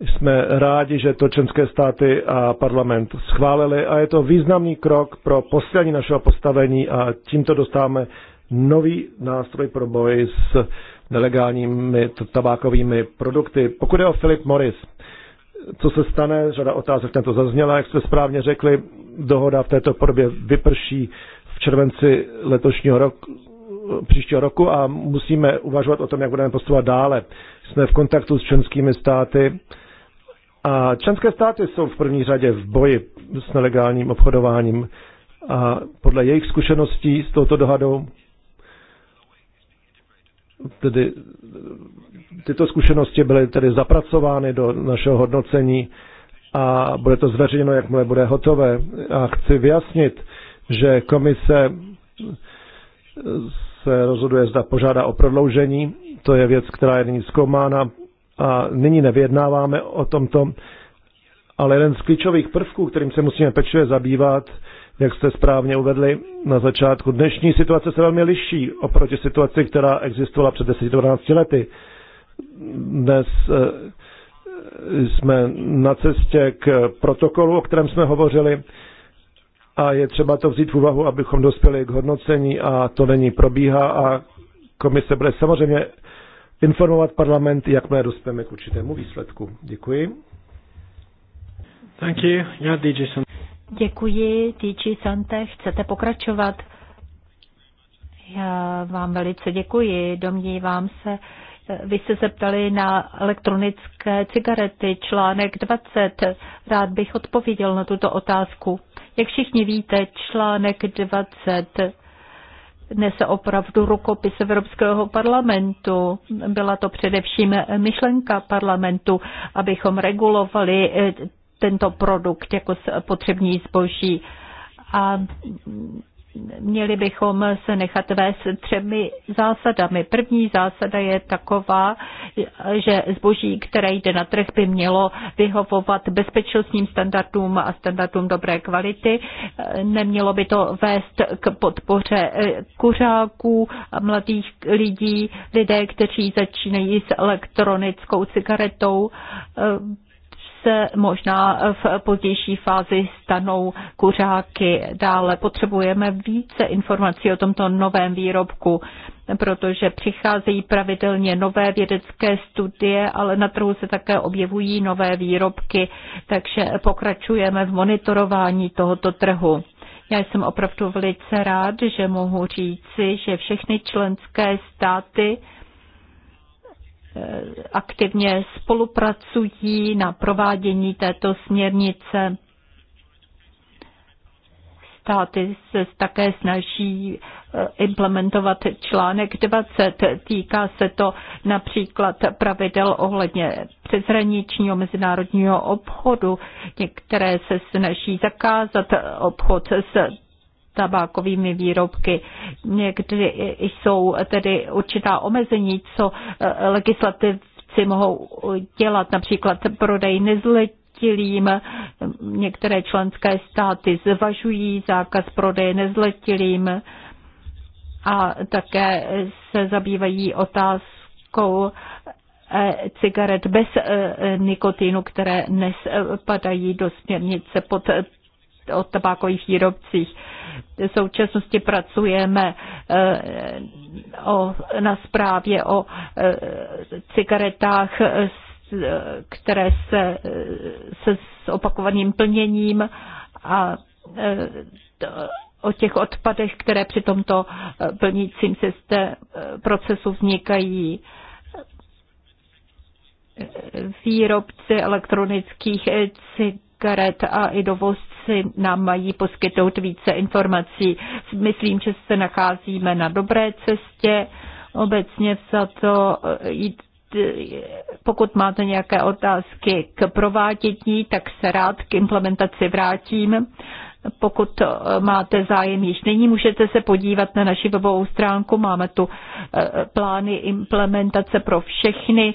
Jsme rádi, že to členské státy a parlament schválili a je to významný krok pro posílení našeho postavení a tímto dostáváme nový nástroj pro boj s nelegálními tabákovými produkty. Pokud je o Philip Morris, co se stane, řada otázek tento zazněla, jak jste správně řekli, dohoda v této podobě vyprší v červenci letošního roku, příštího roku a musíme uvažovat o tom, jak budeme postupovat dále. Jsme v kontaktu s členskými státy a členské státy jsou v první řadě v boji s nelegálním obchodováním a podle jejich zkušeností s touto dohadou tedy tyto zkušenosti byly tedy zapracovány do našeho hodnocení a bude to zveřejněno, jakmile bude hotové. A chci vyjasnit, že komise se rozhoduje, zda požádá o prodloužení. To je věc, která je nyní zkoumána a nyní nevyjednáváme o tomto, ale jeden z klíčových prvků, kterým se musíme pečlivě zabývat, jak jste správně uvedli na začátku, dnešní situace se velmi liší oproti situaci, která existovala před 10-12 lety. Dnes eh, jsme na cestě k protokolu, o kterém jsme hovořili, a je třeba to vzít v úvahu, abychom dospěli k hodnocení a to není probíhá a komise bude samozřejmě informovat parlament, jak my dospěme k určitému výsledku. Děkuji. Thank you. Yeah, DJ Sante. Děkuji, DJ Sante. Chcete pokračovat? Já vám velice děkuji. Domnívám se, vy jste se ptali na elektronické cigarety, článek 20. Rád bych odpověděl na tuto otázku. Jak všichni víte, článek 20 nese opravdu rukopis Evropského parlamentu. Byla to především myšlenka parlamentu, abychom regulovali eh, tento produkt jako potřební zboží. A měli bychom se nechat vést třemi zásadami. První zásada je taková, že zboží, které jde na trh, by mělo vyhovovat bezpečnostním standardům a standardům dobré kvality. Nemělo by to vést k podpoře eh, kuřáků mladých lidí, lidé, kteří začínají s elektronickou cigaretou, eh, se možná v pozdější fázi stanou kuřáky. Dále potřebujeme více informací o tomto novém výrobku, protože přicházejí pravidelně nové vědecké studie, ale na trhu se také objevují nové výrobky, takže pokračujeme v monitorování tohoto trhu. Já jsem opravdu velice rád, že mohu říci, že všechny členské státy Eh, aktivně spolupracují na provádění této směrnice. Státy se také snaží eh, implementovat článek 20. Týká se to například pravidel ohledně přeshraničního mezinárodního obchodu. Některé se snaží zakázat obchod s tabákovými výrobky. Někdy jsou tedy určitá omezení, co eh, legislativci mohou dělat, například prodej nezletilým. Některé členské státy zvažují zákaz prodeje nezletilým a také se zabývají otázkou eh, cigaret bez eh, nikotinu, které dnes padají do směrnice pod o tabákových výrobcích. V současnosti pracujeme eh, o, na zprávě o eh, cigaretách, které se, eh, se s opakovaným plněním a o těch odpadech, které při tomto plnícím zde procesu vznikají výrobci elektronických cigaret Karet a i dovozci nám mají poskytnout více informací. Myslím, že se nacházíme na dobré cestě. Obecně za to eh, jít eh, pokud máte nějaké otázky k provádění, tak se rád k implementaci vrátím. Pokud eh, máte zájem již nyní, můžete se podívat na naši webovou stránku. Máme tu plány implementace pro všechny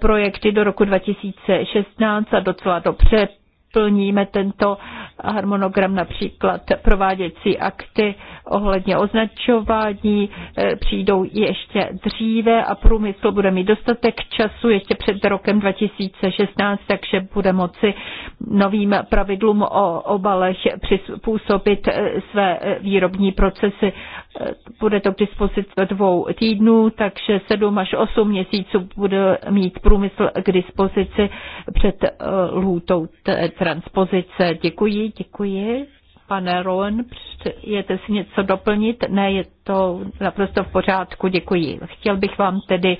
projekty do roku 2016 a docela dobře plníme tento harmonogram, například prováděcí akty ohledně označování eh, přijdou ještě dříve a průmysl bude mít dostatek času ještě před rokem 2016, takže bude moci novým pravidlům o obalech přizpůsobit eh, své eh, výrobní procesy. Bude to k dispozici dvou týdnů, takže 7 až 8 měsíců bude mít průmysl k dispozici před lůtou transpozice. Děkuji, děkuji. Pane Rowan, jete si něco doplnit? Ne, je to naprosto v pořádku, děkuji. Chtěl bych vám tedy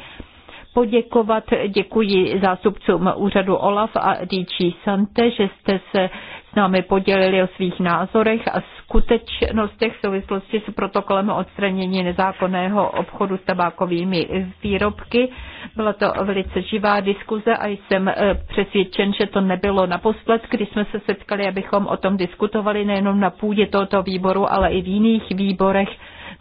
poděkovat. Děkuji zástupcům úřadu OLAF a DG Sante, že jste se s námi podělili o svých názorech a skutečnostech v souvislosti s protokolem o odstranění nezákonného obchodu s tabákovými výrobky. Byla to velice živá diskuze a jsem eh, přesvědčen, že to nebylo naposled, když jsme se setkali, abychom o tom diskutovali nejenom na půdě tohoto výboru, ale i v jiných výborech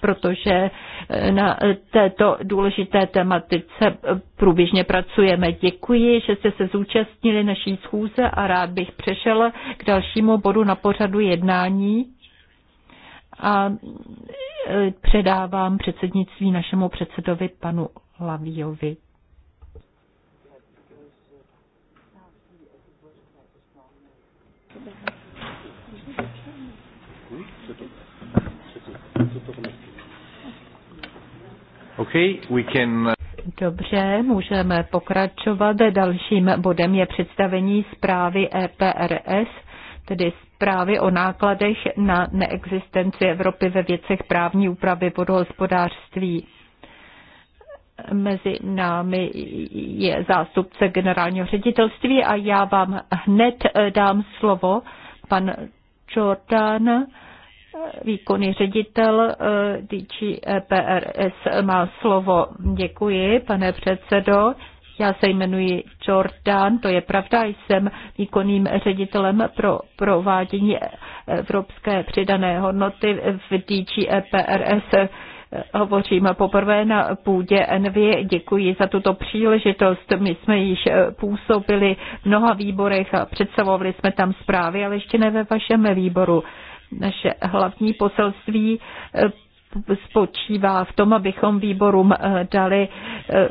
protože eh, na eh, této důležité tematice eh, průběžně pracujeme. Děkuji, že jste se zúčastnili naší schůze a rád bych přešel k dalšímu bodu na pořadu jednání a předávám předsednictví našemu předsedovi panu Laviovi. Okay, we can... Uh, Dobře, můžeme pokračovat. Dalším bodem je představení zprávy EPRS, tedy zprávy o nákladech na neexistenci Evropy ve věcech právní úpravy vodohospodářství. Mezi námi je zástupce generálního ředitelství a já vám hned eh, dám slovo, pan Jordan Výkonný ředitel eh, DG e PRS má slovo. Děkuji, pane předsedo. Já se jmenuji Jordan, to je pravda, jsem výkonným ředitelem pro provádění evropské přidané hodnoty v DG EPRS. Hovořím poprvé na půdě NV. Děkuji za tuto příležitost. My jsme již působili v mnoha výborech a představovali jsme tam zprávy, ale ještě ne ve vašem výboru. Naše hlavní poselství eh, spočívá v tom, abychom výborům eh, dali eh,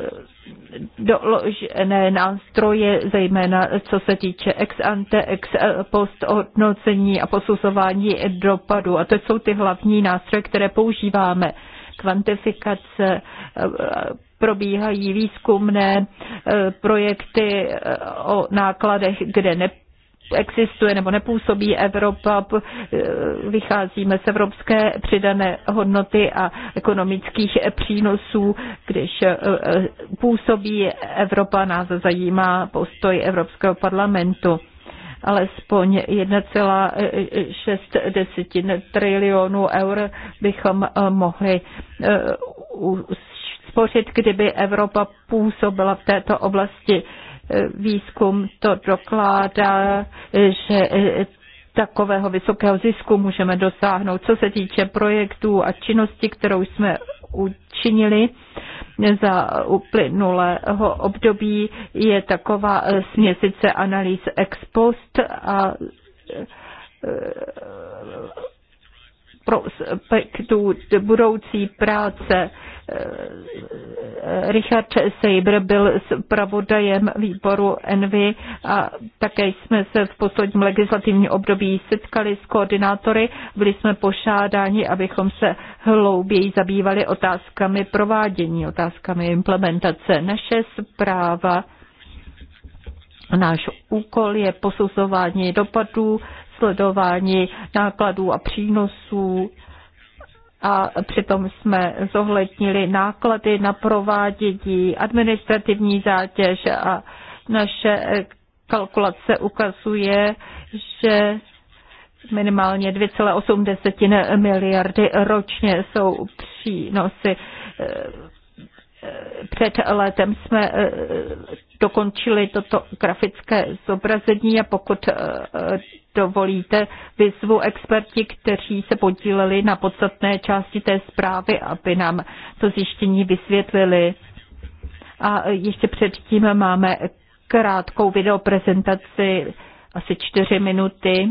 doložené nástroje, zejména co se týče ex ante, ex post odnocení a posuzování dopadu. A to jsou ty hlavní nástroje, které používáme. Kvantifikace, probíhají výzkumné projekty o nákladech, kde ne existuje nebo nepůsobí Evropa, e, vycházíme z evropské přidané hodnoty a ekonomických přínosů. Když e, e, působí Evropa, nás zajímá postoj Evropského parlamentu alespoň 1,6 trilionů eur bychom mohli spořit, kdyby Evropa působila v této oblasti. Výzkum to dokládá, že e, takového vysokého zisku můžeme dosáhnout. Co se týče projektů a činnosti, kterou jsme učinili za uplynulého období, je taková e, směsice analýz ex post a e, prospektů budoucí práce Richard Sejbr byl zpravodajem výboru Envy a také jsme se v posledním legislativním období setkali s koordinátory. Byli jsme pošádáni, abychom se hlouběji zabývali otázkami provádění, otázkami implementace. Naše zpráva Náš úkol je posuzování dopadů, sledování nákladů a přínosů a přitom jsme zohlednili náklady na provádění, administrativní zátěž a naše kalkulace ukazuje, že minimálně 2,8 miliardy ročně jsou přínosy. Před letem jsme eh, dokončili toto grafické zobrazení a pokud eh, dovolíte, vyzvu experti, kteří se podíleli na podstatné části té zprávy, aby nám to zjištění vysvětlili. A ještě předtím máme krátkou videoprezentaci, asi čtyři minuty.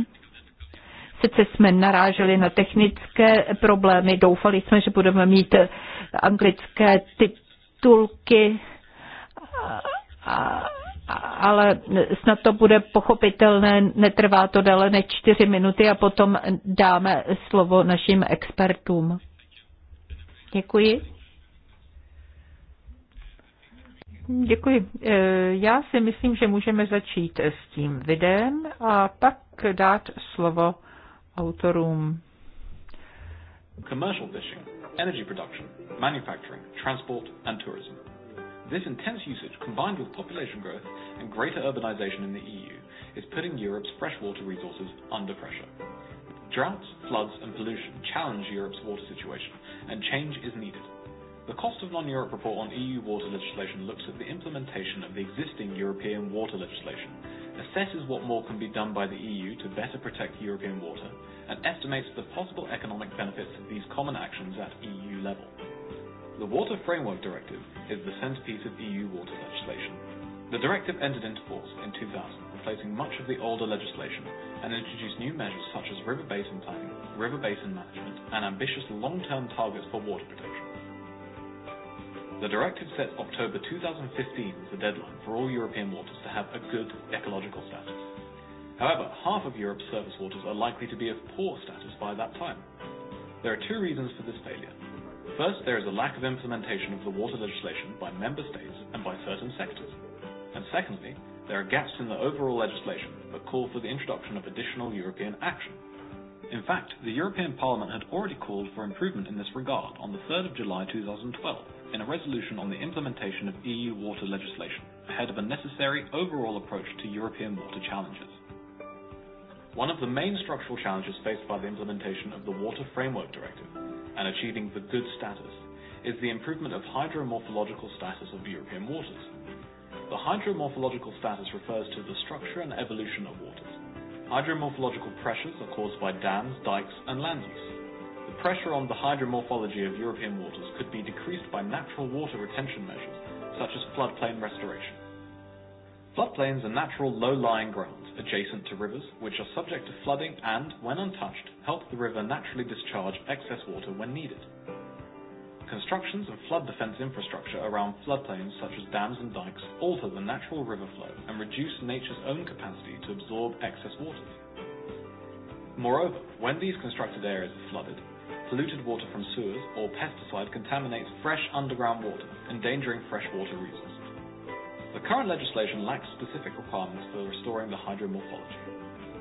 Sice jsme naráželi na technické problémy, doufali jsme, že budeme mít anglické titulky ale snad to bude pochopitelné, netrvá to déle než čtyři minuty a potom dáme slovo našim expertům. Děkuji. Děkuji. E, já si myslím, že můžeme začít s tím videem a pak dát slovo autorům. Commercial fishing, energy production, manufacturing, transport and tourism. This intense usage, combined with population growth and greater urbanization in the EU, is putting Europe's freshwater resources under pressure. Droughts, floods, and pollution challenge Europe's water situation, and change is needed. The Cost of Non-Europe report on EU water legislation looks at the implementation of the existing European water legislation, assesses what more can be done by the EU to better protect European water, and estimates the possible economic benefits of these common actions at EU level. The Water Framework Directive is the centerpiece of EU water legislation. The directive entered into force in 2000, replacing much of the older legislation, and introduced new measures such as river basin planning, river basin management, and ambitious long-term targets for water protection. The directive sets October 2015 as the deadline for all European waters to have a good ecological status. However, half of Europe's surface waters are likely to be of poor status by that time. There are two reasons for this failure. First, there is a lack of implementation of the water legislation by member states and by certain sectors. And secondly, there are gaps in the overall legislation that call for the introduction of additional European action. In fact, the European Parliament had already called for improvement in this regard on the 3rd of July 2012 in a resolution on the implementation of EU water legislation ahead of a necessary overall approach to European water challenges one of the main structural challenges faced by the implementation of the Water Framework Directive and achieving the good status is the improvement of hydromorphological status of European waters. The hydromorphological status refers to the structure and evolution of waters. Hydromorphological pressures are caused by dams, dikes, and land use. The pressure on the hydromorphology of European waters could be decreased by natural water retention measures, such as floodplain restoration. Floodplains are natural low-lying grounds adjacent to rivers, which are subject to flooding and, when untouched, help the river naturally discharge excess water when needed. Constructions of flood defense infrastructure around floodplains such as dams and dikes alter the natural river flow and reduce nature's own capacity to absorb excess waters. Moreover, when these constructed areas are flooded, polluted water from sewers or pesticide contaminates fresh underground water, endangering freshwater resources. The current legislation lacks specific requirements for restoring the hydro morphology.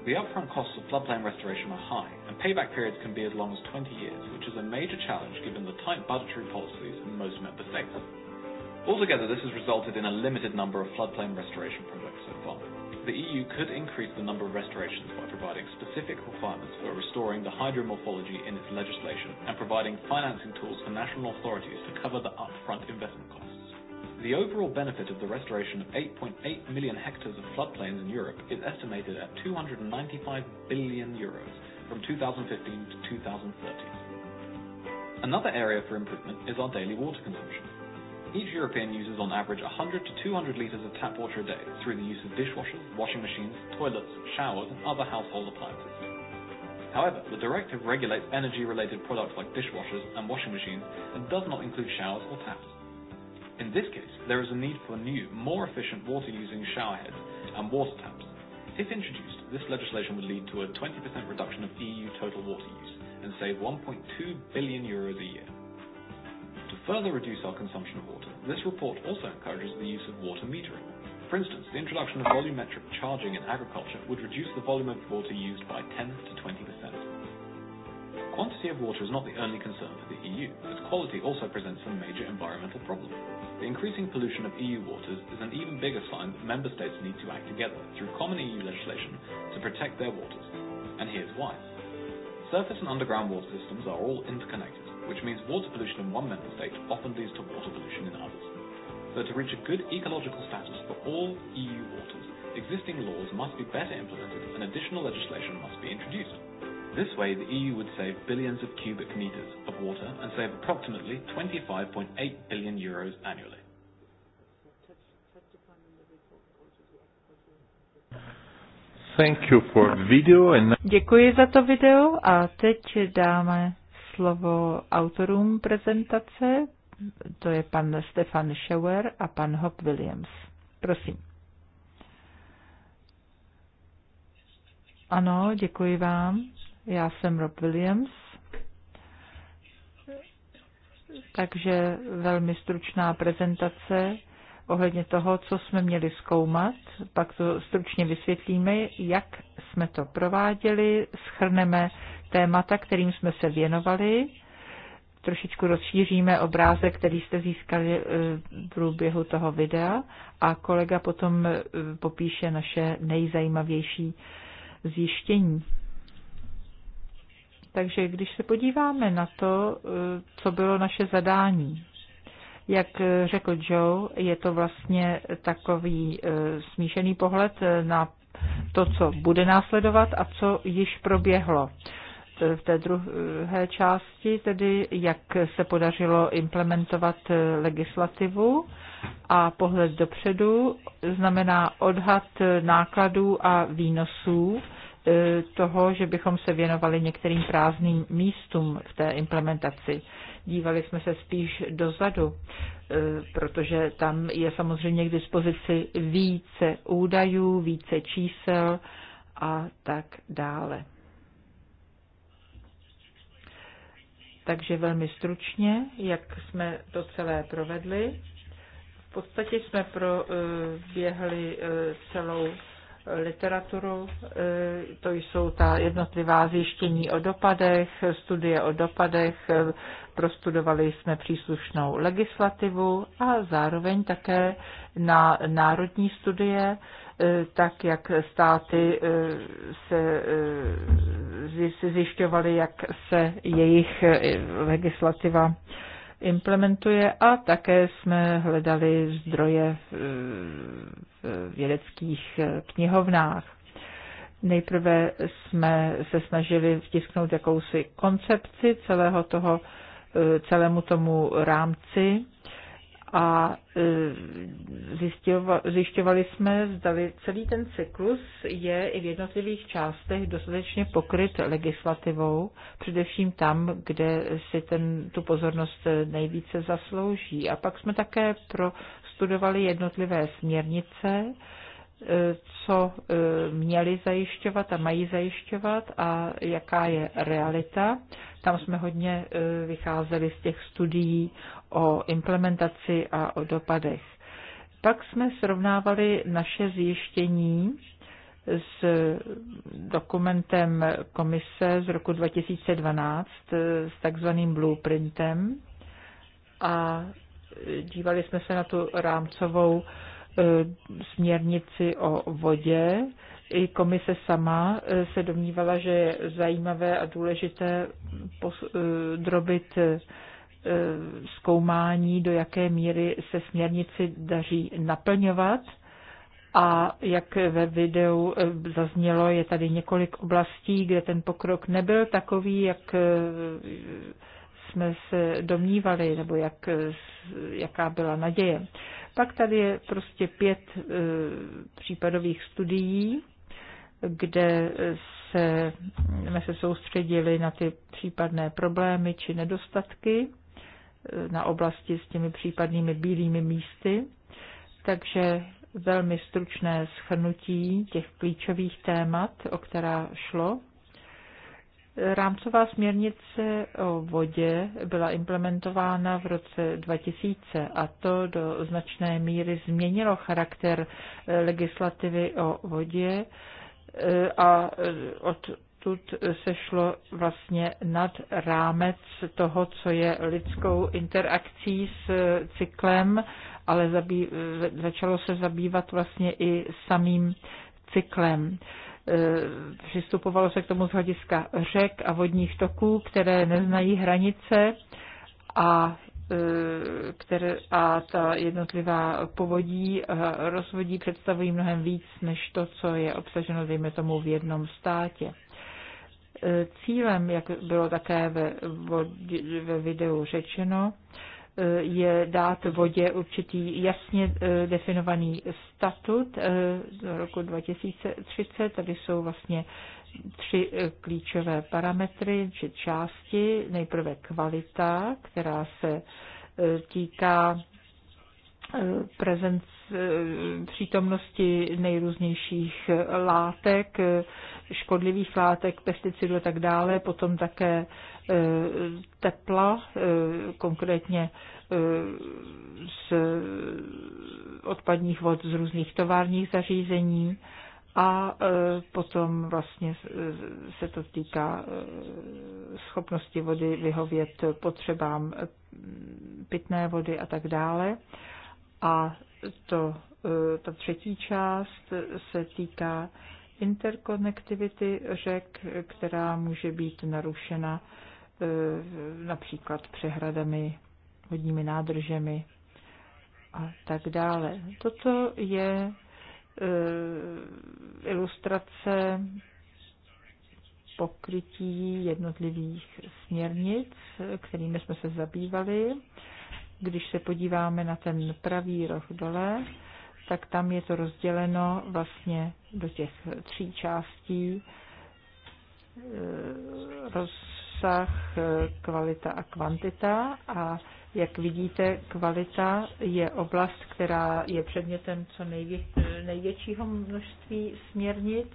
The upfront costs of floodplain restoration are high, and payback periods can be as long as 20 years, which is a major challenge given the tight budgetary policies in most member states. Altogether, this has resulted in a limited number of floodplain restoration projects so far. The EU could increase the number of restorations by providing specific requirements for restoring the hydromorphology in its legislation and providing financing tools for national authorities to cover the upfront investment costs. The overall benefit of the restoration of 8.8 million hectares of floodplains in Europe is estimated at 295 billion euros from 2015 to 2030. Another area for improvement is our daily water consumption. Each European uses on average 100 to 200 liters of tap water a day through the use of dishwashers, washing machines, toilets, showers, and other household appliances. However, the directive regulates energy-related products like dishwashers and washing machines and does not include showers or taps. In this case, there is a need for new, more efficient water-using showerheads and water taps. If introduced, this legislation would lead to a 20% reduction of EU total water use and save 1.2 billion euros a year. To further reduce our consumption of water, this report also encourages the use of water metering. For instance, the introduction of volumetric charging in agriculture would reduce the volume of water used by 10 to 20% quantity of water is not the only concern for the EU, as quality also presents a major environmental problem. The increasing pollution of EU waters is an even bigger sign that member states need to act together through common EU legislation to protect their waters. And here's why. Surface and underground water systems are all interconnected, which means water pollution in one member state often leads to water pollution in others. So to reach a good ecological status for all EU waters, existing laws must be better implemented and additional legislation must be introduced. This way, the EU would save billions of cubic meters of water and save approximately 25.8 billion euros annually. Thank you for video and... Děkuji za to video a teď dáme slovo autorům prezentace. To je pan Stefan Schauer a pan Hop Williams. Prosím. Ano, děkuji vám. Já jsem Rob Williams, takže velmi stručná prezentace ohledně toho, co jsme měli zkoumat. Pak to stručně vysvětlíme, jak jsme to prováděli, schrneme témata, kterým jsme se věnovali, trošičku rozšíříme obrázek, který jste získali eh, v průběhu toho videa a kolega potom eh, popíše naše nejzajímavější zjištění. Takže když se podíváme na to, eh, co bylo naše zadání, jak eh, řekl Joe, je to vlastně takový eh, smíšený pohled na to, co bude následovat a co již proběhlo. V té druhé části tedy, jak se podařilo implementovat legislativu a pohled dopředu, znamená odhad nákladů a výnosů toho, že bychom se věnovali některým prázdným místům v té implementaci. Dívali jsme se spíš dozadu, e, protože tam je samozřejmě k dispozici více údajů, více čísel a tak dále. Takže velmi stručně, jak jsme to celé provedli. V podstatě jsme proběhli e, celou literaturu, e, to jsou ta jednotlivá zjištění o dopadech, studie o dopadech, e, prostudovali jsme příslušnou legislativu a zároveň také na národní studie, e, tak jak státy se, zjišťovaly, jak se jejich legislativa implementuje a také jsme hledali zdroje v, v vědeckých knihovnách. Nejprve jsme se snažili vtisknout jakousi koncepci celého toho, eh, celému tomu rámci a e, zjišťovali jsme, zdali celý ten cyklus je i v jednotlivých částech dostatečně pokryt legislativou, především tam, kde si ten, tu pozornost nejvíce zaslouží. A pak jsme také prostudovali jednotlivé směrnice, e, co e, měli zajišťovat a mají zajišťovat a jaká je realita. Tam jsme hodně vycházeli z těch studií o implementaci a o dopadech. Pak jsme srovnávali naše zjištění s dokumentem komise z roku 2012 s takzvaným blueprintem a dívali jsme se na tu rámcovou e, směrnici o vodě. I komise sama e, se domnívala, že je zajímavé a důležité e, drobit Eh, zkoumání, do jaké míry se směrnici daří naplňovat. A jak ve videu eh, zaznělo, je tady několik oblastí, kde ten pokrok nebyl takový, jak eh, jsme se domnívali, nebo jak, jaká byla naděje. Pak tady je prostě pět případových studií, kde se, jsme se soustředili na ty případné problémy či nedostatky na oblasti s těmi případnými bílými místy. Takže velmi stručné schrnutí těch klíčových témat, o která šlo. Rámcová směrnice o vodě byla implementována v roce 2000 a to do značné míry změnilo charakter legislativy o vodě e, a od odtud se šlo vlastně nad rámec toho, co je lidskou interakcí s cyklem, ale zabý, začalo se zabývat vlastně i samým cyklem. E, přistupovalo se k tomu z hlediska řek a vodních toků, které neznají hranice a e, které, a ta jednotlivá povodí a rozvodí představují mnohem víc než to, co je obsaženo, dejme tomu, v jednom státě. E, cílem, jak bylo také ve, ve videu řečeno, e, je dát vodě určitý jasně e, definovaný statut do roku 2030. Tady jsou vlastně tři klíčové parametry či části. Nejprve kvalita, která se týká prezenc, přítomnosti nejrůznějších látek, škodlivých látek, pesticidů a tak dále, potom také e, tepla, e, konkrétně e, z odpadních vod z různých továrních zařízení a potom vlastně se to týká schopnosti vody vyhovět potřebám pitné vody a tak dále. A to, ta třetí část se týká interkonektivity řek, která může být narušena e, například přehradami, vodními nádržemi a tak dále. Toto je e, ilustrace pokrytí jednotlivých směrnic, kterými jsme se zabývali. Když se podíváme na ten pravý roh dole, tak tam je to rozděleno vlastně do těch tří částí. E, rozsah, e, kvalita a kvantita. A jak vidíte, kvalita je oblast, která je předmětem co nejvě, největšího množství směrnic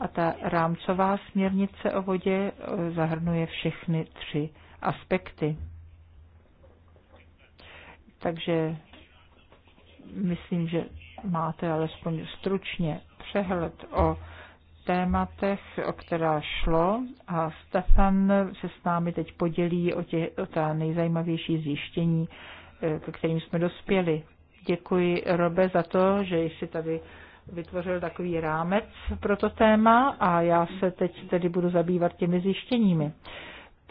a ta rámcová směrnice o vodě e, zahrnuje všechny tři aspekty. Takže myslím, že máte alespoň stručně přehled o tématech, o která šlo a Stefan se s námi teď podělí o, tě, o ta nejzajímavější zjištění, e, ke kterým jsme dospěli. Děkuji Robe za to, že jsi tady vytvořil takový rámec pro to téma a já se teď tedy budu zabývat těmi zjištěními.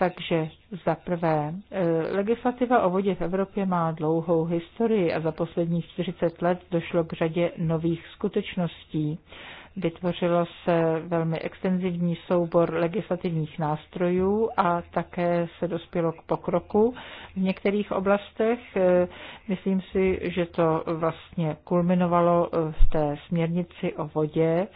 Takže za prvé, e, legislativa o vodě v Evropě má dlouhou historii a za posledních 40 let došlo k řadě nových skutečností. Vytvořilo se velmi extenzivní soubor legislativních nástrojů a také se dospělo k pokroku v některých oblastech. E, myslím si, že to vlastně kulminovalo v té směrnici o vodě,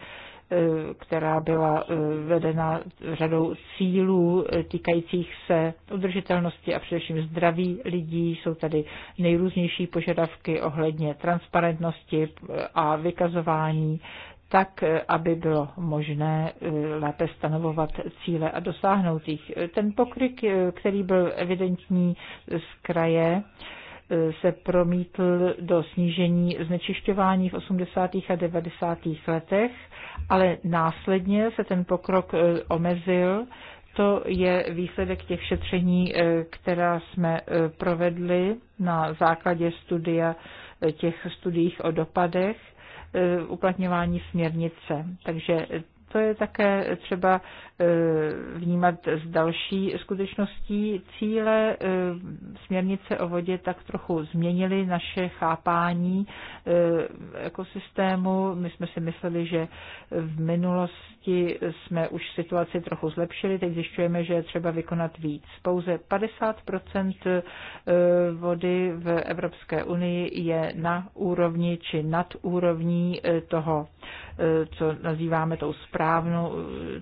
E, která byla e, vedena řadou cílů e, týkajících se udržitelnosti a především zdraví lidí. Jsou tady nejrůznější požadavky ohledně transparentnosti a vykazování tak, aby bylo možné lépe stanovovat cíle a dosáhnout jich. Ten pokryk, který byl evidentní z kraje, se promítl do snížení znečišťování v 80. a 90. letech, ale následně se ten pokrok e, omezil. To je výsledek těch šetření, e, která jsme e, provedli na základě studia těch studiích o dopadech uplatňování směrnice. Takže to je také třeba e, vnímat z další skutečností. Cíle e, směrnice o vodě tak trochu změnily naše chápání e, ekosystému. My jsme si mysleli, že v minulosti jsme už situaci trochu zlepšili, teď zjišťujeme, že je třeba vykonat víc. Pouze 50 vody v Evropské unii je na úrovni či nad úrovní toho co nazýváme tou správnou,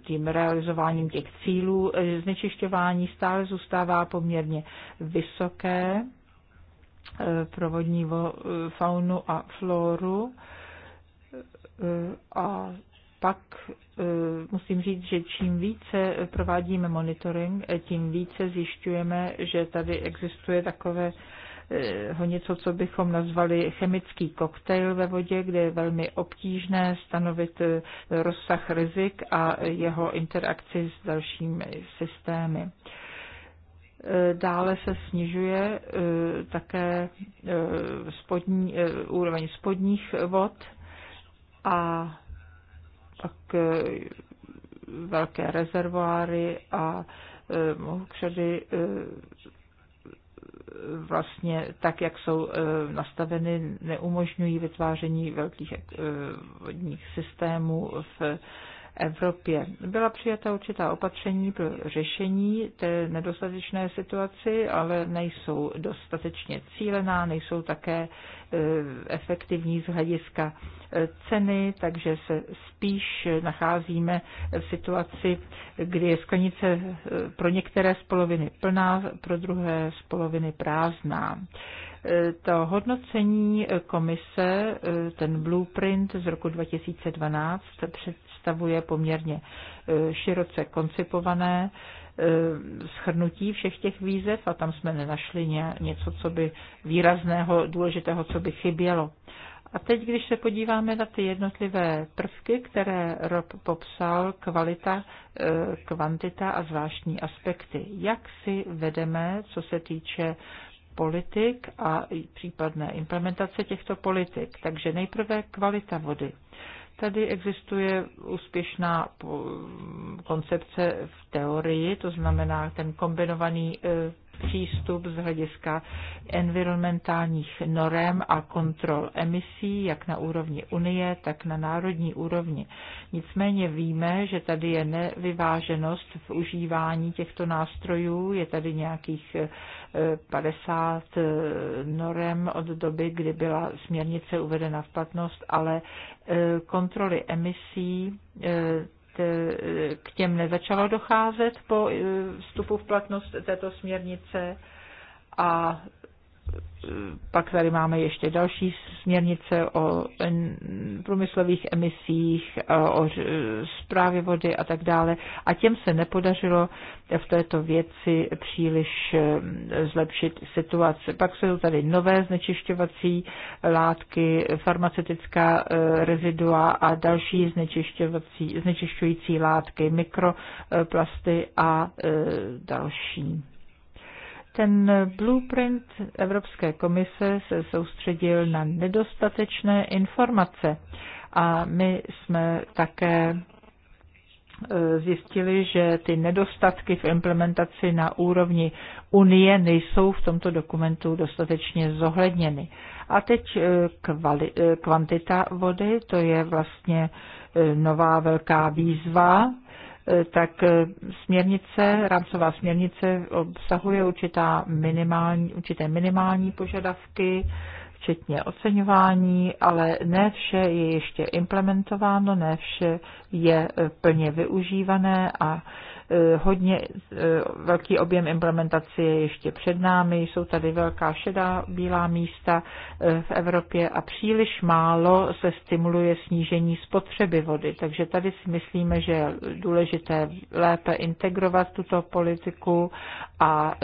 tím realizováním těch cílů znečišťování stále zůstává poměrně vysoké eh, provodní eh, faunu a floru. Eh, a pak musím říct, že čím více provádíme monitoring, tím více zjišťujeme, že tady existuje takové Eh, ho něco, co bychom nazvali chemický koktejl ve vodě, kde je velmi obtížné stanovit eh, rozsah rizik a jeho interakci s dalšími systémy. Eh, dále se snižuje také spodní, úroveň spodních vod a pak velké rezervoáry a mokřady vlastně tak, jak jsou eh, nastaveny, neumožňují vytváření velkých eh, vodních systémů v Evropě. Byla přijata určitá opatření pro řešení té nedostatečné situaci, ale nejsou dostatečně cílená, nejsou také e, efektivní z hlediska e, ceny, takže se spíš nacházíme v situaci, kdy je sklenice e, pro některé z poloviny plná, pro druhé z poloviny prázdná. To hodnocení komise, ten blueprint z roku 2012 před představuje poměrně e, široce koncipované e, schrnutí všech těch výzev a tam jsme nenašli něco, co by výrazného, důležitého, co by chybělo. A teď, když se podíváme na ty jednotlivé prvky, které Rob popsal, kvalita, e, kvantita a zvláštní aspekty, jak si vedeme, co se týče politik a případné implementace těchto politik. Takže nejprve kvalita vody. Tady existuje úspěšná koncepce v teorii, to znamená ten kombinovaný eh, přístup z hlediska environmentálních norem a kontrol emisí, jak na úrovni Unie, tak na národní úrovni. Nicméně víme, že tady je nevyváženost v užívání těchto nástrojů, je tady nějakých 50 eh, eh, norem od doby, kdy byla směrnice uvedena v platnost, ale eh, kontroly emisí Eh, k těm nezačalo docházet po eh, vstupu v platnost této směrnice a pak tady máme ještě další směrnice o průmyslových emisích, e, o zprávě vody a tak dále. A těm se nepodařilo v této věci příliš e, zlepšit situaci. Pak jsou tady nové znečišťovací látky, farmaceutická e, rezidua a další znečišťovací, znečišťující látky, mikroplasty a další. Ten blueprint Evropské komise se soustředil na nedostatečné informace a my jsme také e, zjistili, že ty nedostatky v implementaci na úrovni Unie nejsou v tomto dokumentu dostatečně zohledněny. A teď e, kvali, e, kvantita vody, to je vlastně nová velká výzva tak eh, směrnice, rámcová směrnice obsahuje určitá minimální, určité minimální požadavky, včetně oceňování, ale ne vše je ještě implementováno, ne vše je eh, plně využívané a Eh, hodně eh, velký objem implementace je ještě před námi, jsou tady velká šedá bílá místa eh, v Evropě a příliš málo se stimuluje snížení spotřeby vody. Takže tady si myslíme, že je důležité lépe integrovat tuto politiku a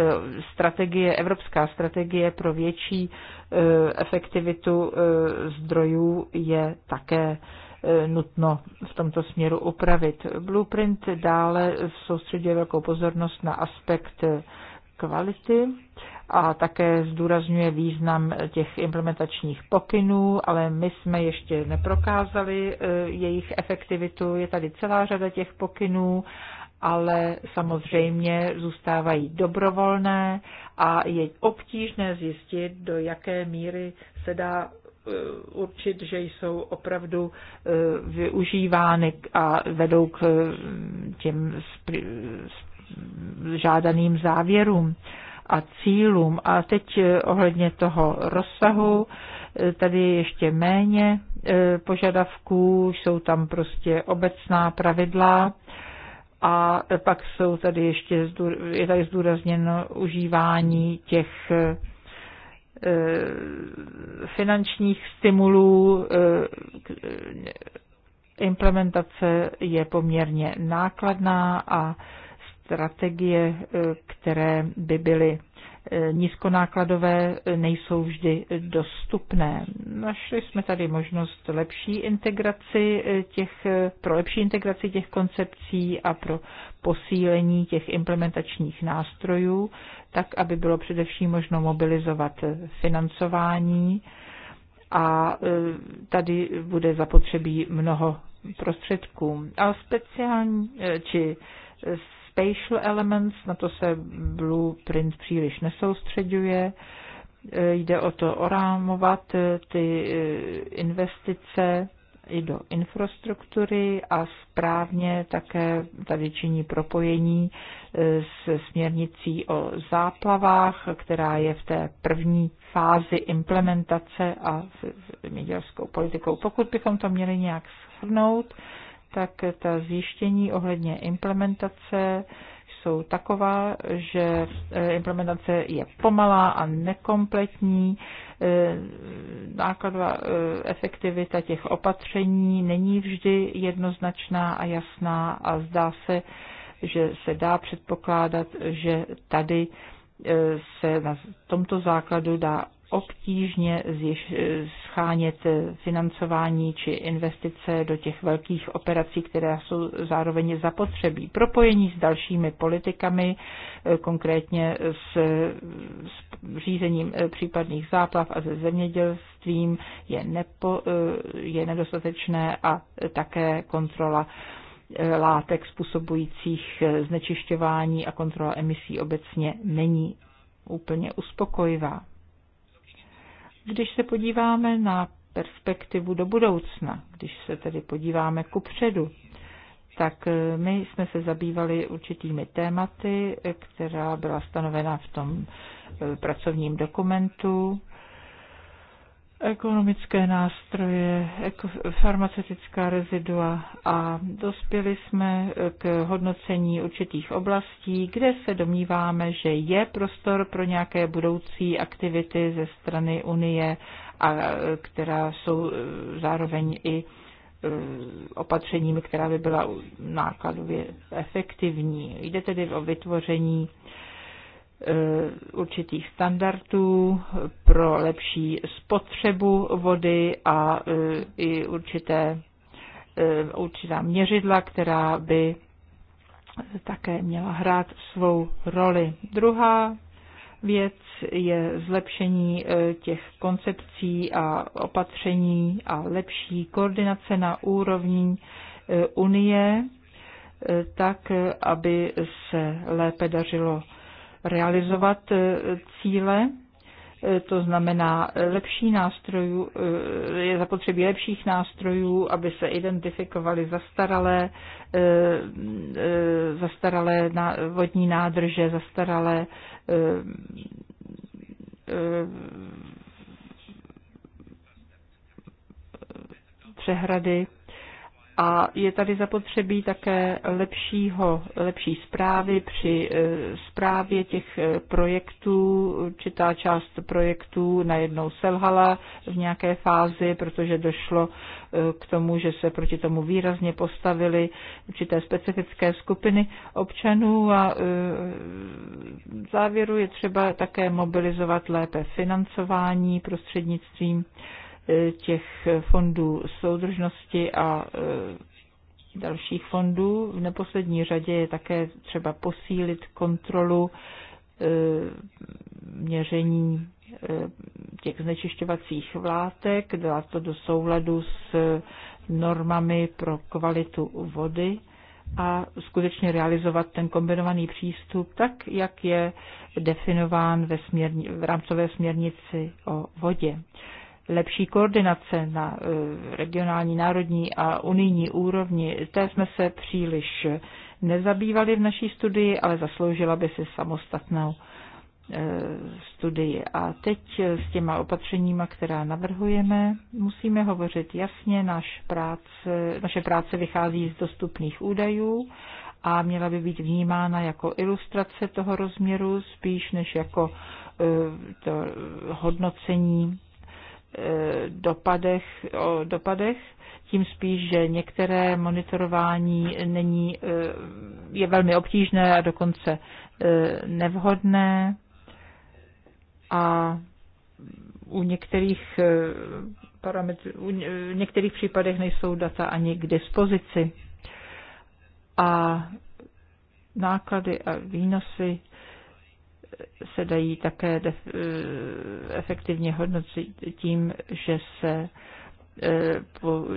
strategie, evropská strategie pro větší efektivitu zdrojů je také nutno v tomto směru upravit. Blueprint dále soustředuje velkou pozornost na aspekt kvality a také zdůrazňuje význam těch implementačních pokynů, ale my jsme ještě neprokázali e, jejich efektivitu. Je tady celá řada těch pokynů, ale samozřejmě zůstávají dobrovolné a je obtížné zjistit, do jaké míry se dá Eh, určit, že jsou opravdu eh, využívány a vedou k eh, těm žádaným závěrům a cílům. A teď ohledně toho rozsahu, tady ještě méně požadavků, jsou tam prostě obecná pravidla a pak jsou tady ještě, je tady zdůrazněno užívání těch Eh, finančních stimulů eh, eh, implementace je poměrně nákladná a strategie, které by byly nízkonákladové, nejsou vždy dostupné. Našli jsme tady možnost lepší integraci těch, pro lepší integraci těch koncepcí a pro posílení těch implementačních nástrojů, tak aby bylo především možno mobilizovat financování a e, tady bude zapotřebí mnoho prostředků. A speciální e, či spatial elements, na to se blueprint příliš nesoustředuje. E, jde o to orámovat ty investice i do infrastruktury a správně také tady činí propojení e, s směrnicí o záplavách, která je v té první fázi implementace a s zemědělskou politikou. Pokud bychom to měli nějak shrnout, tak ta zjištění ohledně implementace jsou taková, že eh, implementace je pomalá a nekompletní, eh, nákladová eh, efektivita těch opatření není vždy jednoznačná a jasná a zdá se, že se dá předpokládat, že tady se na tomto základu dá obtížně schánět financování či investice do těch velkých operací, které jsou zároveň zapotřebí. Propojení s dalšími politikami, eh, konkrétně s, s řízením eh, případných záplav a ze zemědělstvím je, nepo, eh, je nedostatečné a také kontrola látek způsobujících znečišťování a kontrola emisí obecně není úplně uspokojivá. Když se podíváme na perspektivu do budoucna, když se tedy podíváme ku předu, tak eh, my jsme se zabývali určitými tématy, eh, která byla stanovena v tom eh, pracovním dokumentu ekonomické nástroje, farmaceutická rezidua a dospěli jsme k hodnocení určitých oblastí, kde se domníváme, že je prostor pro nějaké budoucí aktivity ze strany Unie, a která jsou e, zároveň i e, opatřeními, která by byla nákladově efektivní. Jde tedy o vytvoření Eh, určitých standardů pro lepší spotřebu vody a eh, i určité, eh, určitá měřidla, která by také měla hrát svou roli. Druhá věc je zlepšení těch koncepcí a opatření a lepší koordinace na úrovni Unie, tak, aby se lépe dařilo realizovat e, cíle, e, to znamená lepší nástrojů, e, je zapotřebí lepších nástrojů, aby se identifikovaly zastaralé, zastaralé vodní nádrže, zastaralé přehrady a je tady zapotřebí také lepšího, lepší zprávy při eh, zprávě těch eh, projektů. Určitá část projektů najednou selhala v nějaké fázi, protože došlo eh, k tomu, že se proti tomu výrazně postavili určité specifické skupiny občanů a v závěru je třeba také mobilizovat lépe financování prostřednictvím E, těch fondů soudržnosti a e, dalších fondů. V neposlední řadě je také třeba posílit kontrolu e, měření těch znečišťovacích vlátek, dát to do souladu s normami pro kvalitu vody a skutečně realizovat ten kombinovaný přístup tak, jak je definován ve, směrni, v rámcové směrnici o vodě lepší koordinace na eh, regionální, národní a unijní úrovni, té jsme se příliš nezabývali v naší studii, ale zasloužila by si samostatnou eh, studii. A teď eh, s těma opatřeníma, která navrhujeme, musíme hovořit jasně, naš práce, naše práce vychází z dostupných údajů a měla by být vnímána jako ilustrace toho rozměru spíš než jako to hodnocení Eh, dopadech, o dopadech, tím spíš, že některé monitorování není, eh, je velmi obtížné a dokonce eh, nevhodné a u některých parametrů, u některých případech nejsou data ani k dispozici. A náklady a výnosy se dají také eh, efektivně hodnotit tím, že se eh,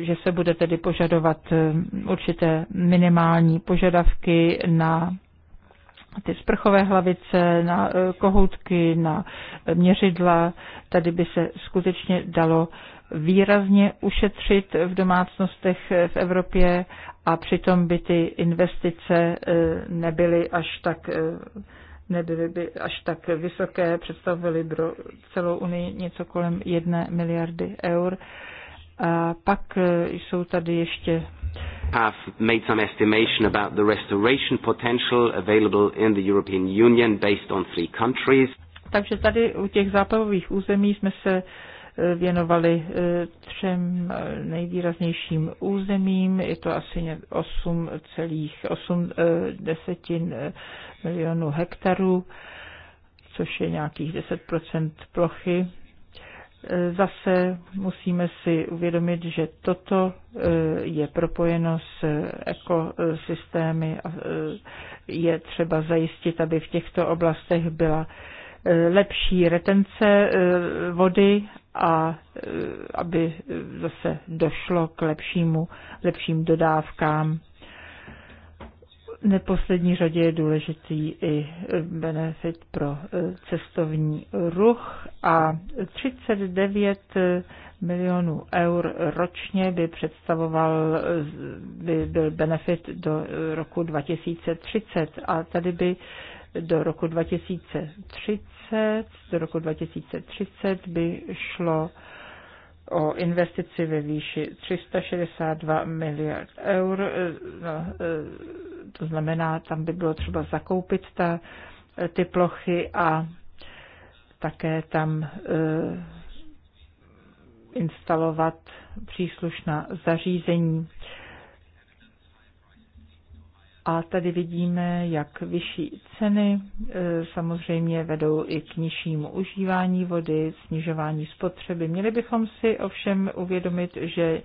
že se bude tedy požadovat eh, určité minimální požadavky na ty sprchové hlavice, na kohoutky, na měřidla. Tady by se skutečně dalo výrazně ušetřit v domácnostech v Evropě a přitom by ty investice nebyly až tak nebyly by až tak vysoké, představovaly pro celou Unii něco kolem jedné miliardy eur. A pak e, jsou tady ještě have made some estimation about the restoration potential available in the European Union based on three countries. Takže tady u těch záplavových území jsme se uh, věnovali eh, třem nejvýraznějším územím. Je to asi 8,8 eh, desetin eh, milionů hektarů, což je nějakých 10 plochy Zase musíme si uvědomit, že toto je propojeno s ekosystémy a je třeba zajistit, aby v těchto oblastech byla lepší retence vody a eh, aby zase došlo k lepšímu, lepším dodávkám. neposlední řadě je důležitý i eh, benefit pro eh, cestovní ruch a 39 milionů eur ročně by představoval, by byl benefit do roku 2030 a tady by do roku 2030. Do roku 2030 by šlo o investici ve výši 362 miliard eur. Eh, no, eh, to znamená, tam by bylo třeba zakoupit ta, eh, ty plochy a také tam instalovat příslušná zařízení. A tady vidíme, jak vyšší ceny e, samozřejmě vedou i k nižšímu užívání vody, snižování spotřeby. Měli bychom si ovšem uvědomit, že e,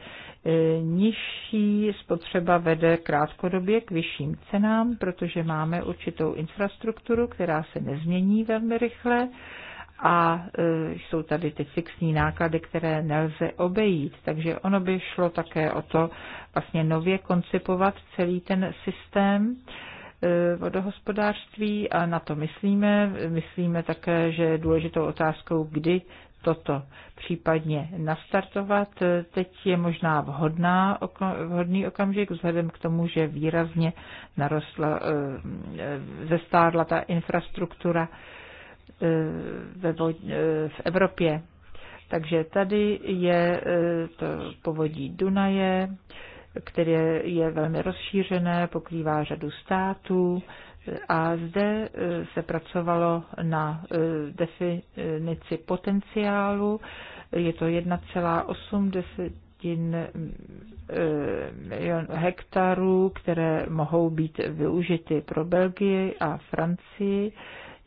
nižší spotřeba vede krátkodobě k vyšším cenám, protože máme určitou infrastrukturu, která se nezmění velmi rychle a e, jsou tady ty fixní náklady, které nelze obejít. Takže ono by šlo také o to vlastně nově koncipovat celý ten systém e, vodohospodářství a na to myslíme. Myslíme také, že je důležitou otázkou, kdy toto případně nastartovat. E, teď je možná vhodná, vhodný okamžik vzhledem k tomu, že výrazně narostla, zestárla ta infrastruktura Eh, ve, eh, v Evropě. Takže tady je eh, to povodí Dunaje, které je velmi rozšířené, pokrývá řadu států a zde se pracovalo na definici potenciálu. Je to 1,8 milion hektarů, které mohou být využity pro Belgii a Francii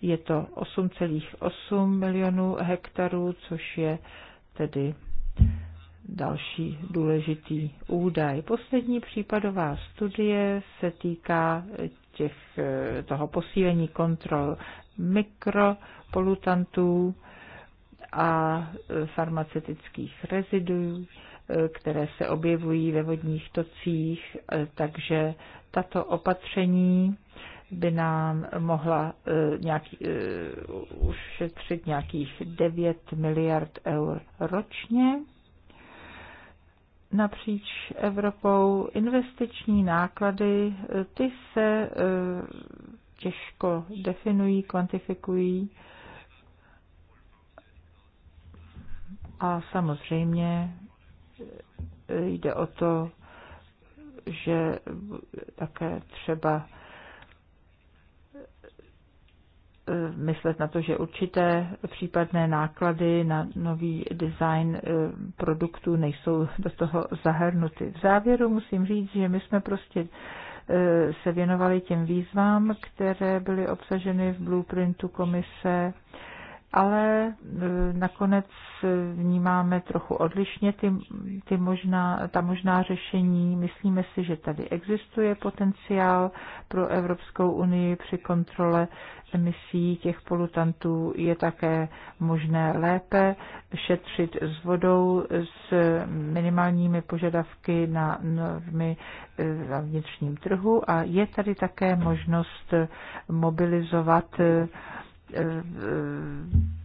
je to 8,8 milionů hektarů, což je tedy další důležitý údaj. Poslední případová studie se týká těch, toho posílení kontrol mikropolutantů a farmaceutických reziduů, které se objevují ve vodních tocích, takže tato opatření by nám mohla eh, nějaký, eh, ušetřit nějakých 9 miliard eur ročně napříč Evropou. Investiční náklady, eh, ty se těžko definují, kvantifikují. A samozřejmě jde o to, že také třeba Eh, myslet na to, že určité případné náklady na nový design eh, produktů nejsou do toho zahrnuty. V závěru musím říct, že my jsme prostě eh, se věnovali těm výzvám, které byly obsaženy v blueprintu komise, ale nakonec vnímáme trochu odlišně ty, ty možná, ta možná řešení. Myslíme si, že tady existuje potenciál pro Evropskou unii při kontrole emisí těch polutantů je také možné lépe šetřit s vodou s minimálními požadavky na normy eh, na vnitřním trhu a je tady také možnost mobilizovat eh, eh,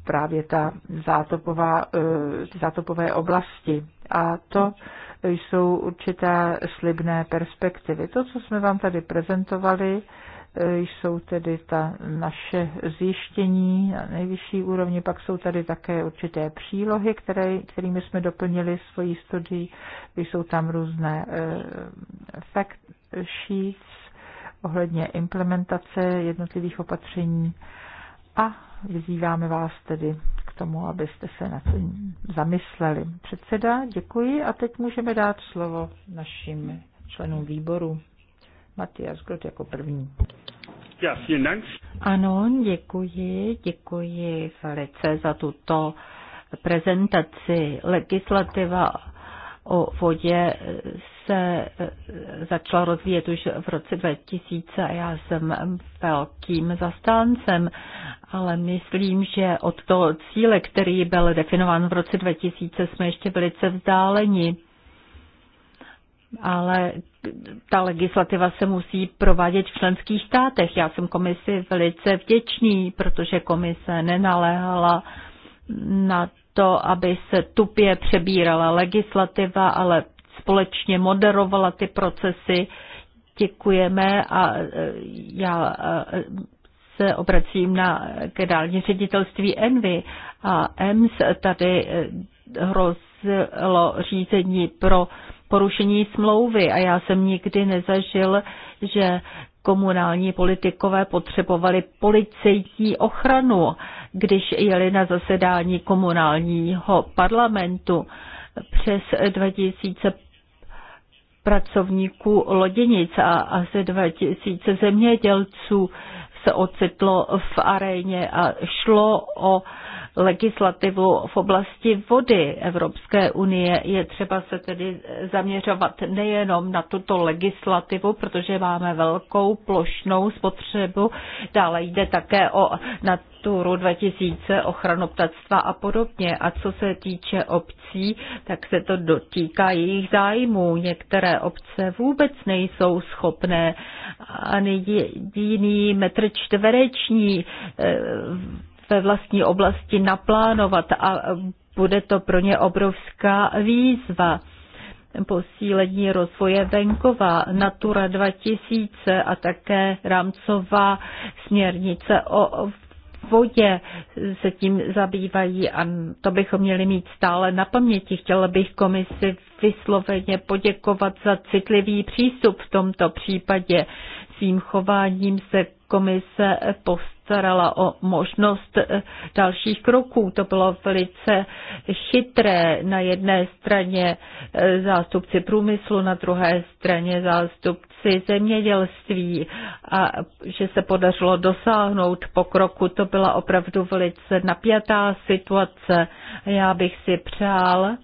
právě ta zátopová, zátopové oblasti. A to jsou určité slibné perspektivy. To, co jsme vám tady prezentovali, Eh, jsou tedy ta naše zjištění na nejvyšší úrovni, pak jsou tady také určité přílohy, které, kterými jsme doplnili svoji studii, jsou tam různé eh, fact sheets ohledně implementace jednotlivých opatření a vyzýváme vás tedy k tomu, abyste se na to zamysleli. Předseda, děkuji a teď můžeme dát slovo našim členům výboru. Matias Grot jako první. Ano, děkuji, děkuji velice za tuto prezentaci. Legislativa o vodě se eh, začala rozvíjet už v roce 2000 a já jsem velkým zastáncem, ale myslím, že od toho cíle, který byl definován v roce 2000, jsme ještě velice vzdáleni ale ta legislativa se musí provádět v členských státech. Já jsem komisi velice vděčný, protože komise nenaléhala na to, aby se tupě přebírala legislativa, ale společně moderovala ty procesy. Děkujeme a e, já e, se obracím na generální ředitelství Envy a EMS tady e, hrozilo řízení pro porušení smlouvy a já jsem nikdy nezažil, že komunální politikové potřebovali policejní ochranu, když jeli na zasedání komunálního parlamentu. Přes 2000 pracovníků lodinic a asi 2000 zemědělců se ocitlo v aréně a šlo o legislativu v oblasti vody Evropské unie. Je třeba se tedy zaměřovat nejenom na tuto legislativu, protože máme velkou plošnou spotřebu. Dále jde také o na Naturu 2000, ochranu ptactva a podobně. A co se týče obcí, tak se to dotýká jejich zájmů. Některé obce vůbec nejsou schopné ani jediný metr čtvereční eh, ve vlastní oblasti naplánovat a bude to pro ně obrovská výzva. Posílení rozvoje venkova, Natura 2000 a také rámcová směrnice o vodě se tím zabývají a to bychom měli mít stále na paměti. Chtěla bych komisi vysloveně poděkovat za citlivý přístup v tomto případě svým chováním se komise postarala o možnost eh, dalších kroků. To bylo velice chytré. Na jedné straně eh, zástupci průmyslu, na druhé straně zástupci zemědělství a že se podařilo dosáhnout pokroku. To byla opravdu velice napjatá situace. Já bych si přál,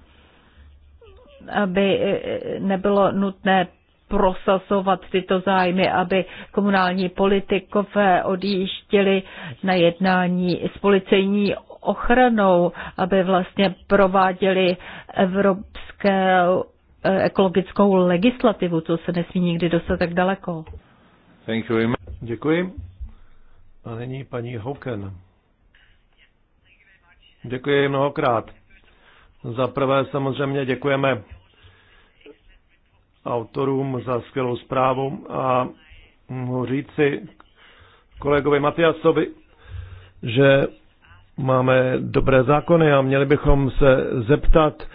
aby eh, nebylo nutné prosazovat tyto zájmy, aby komunální politikové odjíždili na jednání s policejní ochranou, aby vlastně prováděli evropské eh, ekologickou legislativu, co se nesmí nikdy dostat tak daleko. Thank you. Děkuji. A nyní paní Hoken. Děkuji mnohokrát. Za prvé samozřejmě děkujeme autorům za skvělou zprávu a mohu říci kolegovi Matiasovi, že máme dobré zákony a měli bychom se zeptat,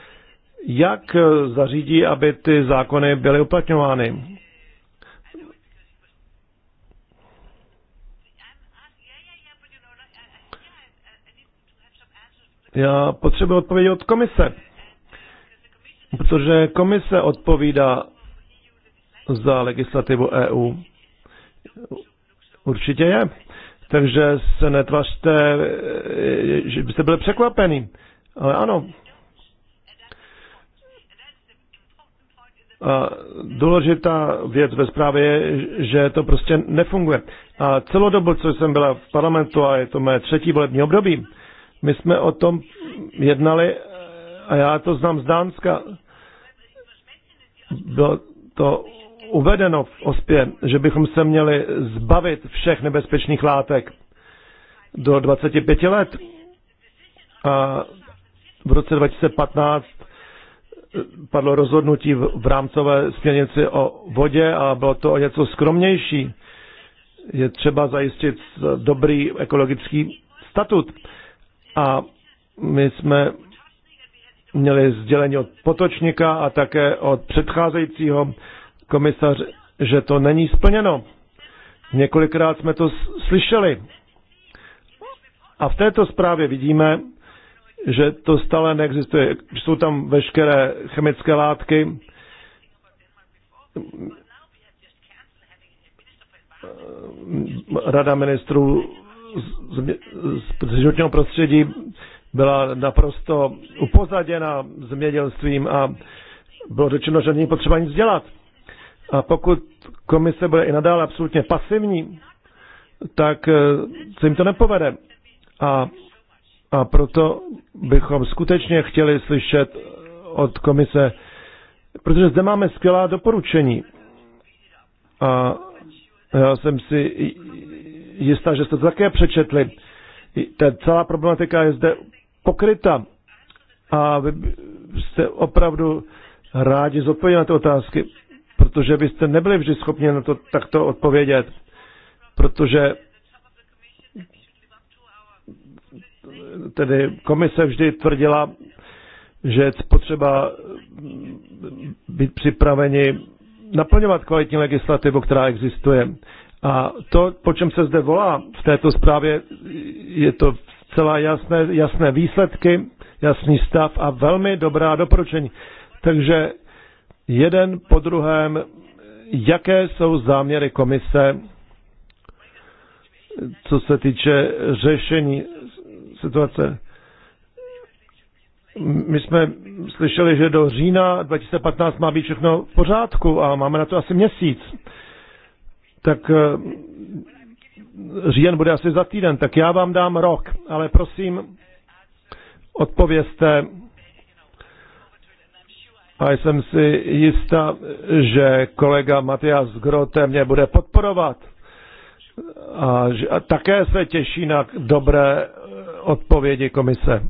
jak zařídí, aby ty zákony byly uplatňovány. Já potřebuji odpovědi od komise, protože komise odpovídá za legislativu EU. Určitě je. Takže se netvařte, že byste byli překvapený. Ale ano. A důležitá věc ve zprávě je, že to prostě nefunguje. A celou dobu, co jsem byla v parlamentu, a je to mé třetí volební období, my jsme o tom jednali a já to znám z Dánska. Bylo to uvedeno v OSPě, že bychom se měli zbavit všech nebezpečných látek do 25 let. A v roce 2015 eh, padlo rozhodnutí v rámcové směrnici o vodě a bylo to o něco skromnější. Je třeba zajistit dobrý ekologický statut. A my jsme měli sdělení od Potočníka a také od předcházejícího komisař, že to není splněno. Několikrát jsme to slyšeli. A v této zprávě vidíme, že to stále neexistuje. Jsou tam veškeré chemické látky. Rada ministrů z životního prostředí byla naprosto upozaděna zemědělstvím a bylo řečeno, že není potřeba nic dělat. A pokud komise bude i nadále absolutně pasivní, tak eh, se jim to nepovede. A, a proto bychom skutečně chtěli slyšet od komise, protože zde máme skvělá doporučení. A já jsem si jistá, že jste to také přečetli. Ta celá problematika je zde pokryta a vy jste opravdu rádi zodpověděli na ty otázky protože byste nebyli vždy schopni na to takto odpovědět, protože tedy komise vždy tvrdila, že je potřeba být připraveni naplňovat kvalitní legislativu, která existuje. A to, po čem se zde volá v této zprávě, je to celá jasné, jasné výsledky, jasný stav a velmi dobrá doporučení. Takže jeden po druhém, jaké jsou záměry komise, co se týče řešení situace. My jsme slyšeli, že do října 2015 má být všechno v pořádku a máme na to asi měsíc. Tak eh, říjen bude asi za týden, tak já vám dám rok, ale prosím, odpovězte a jsem si jistá, že kolega Matias Grote mě bude podporovat. A, a také se těší na dobré eh, odpovědi komise.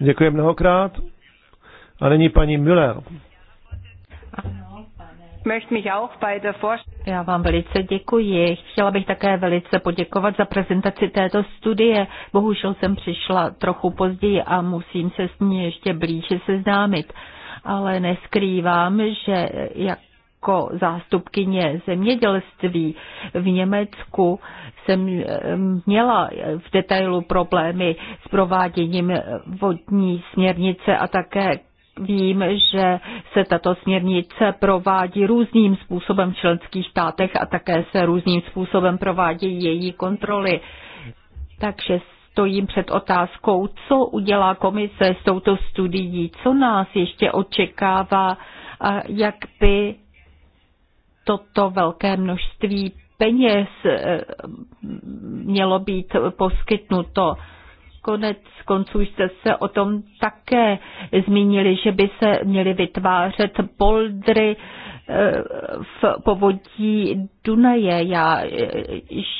Děkuji mnohokrát. A nyní paní Müller. Já vám velice děkuji. Chtěla bych také velice poděkovat za prezentaci této studie. Bohužel jsem přišla trochu později a musím se s ní ještě blíže seznámit. Ale neskrývám, že jak jako zástupkyně zemědělství v Německu jsem eh, měla v detailu problémy s prováděním vodní směrnice a také Vím, že se tato směrnice provádí různým způsobem v členských státech a také se různým způsobem provádějí její kontroly. Takže stojím před otázkou, co udělá komise s touto studií, co nás ještě očekává a jak by toto velké množství peněz eh, mělo být poskytnuto konec konců jste se o tom také zmínili, že by se měly vytvářet poldry eh, v povodí Dunaje. Já eh,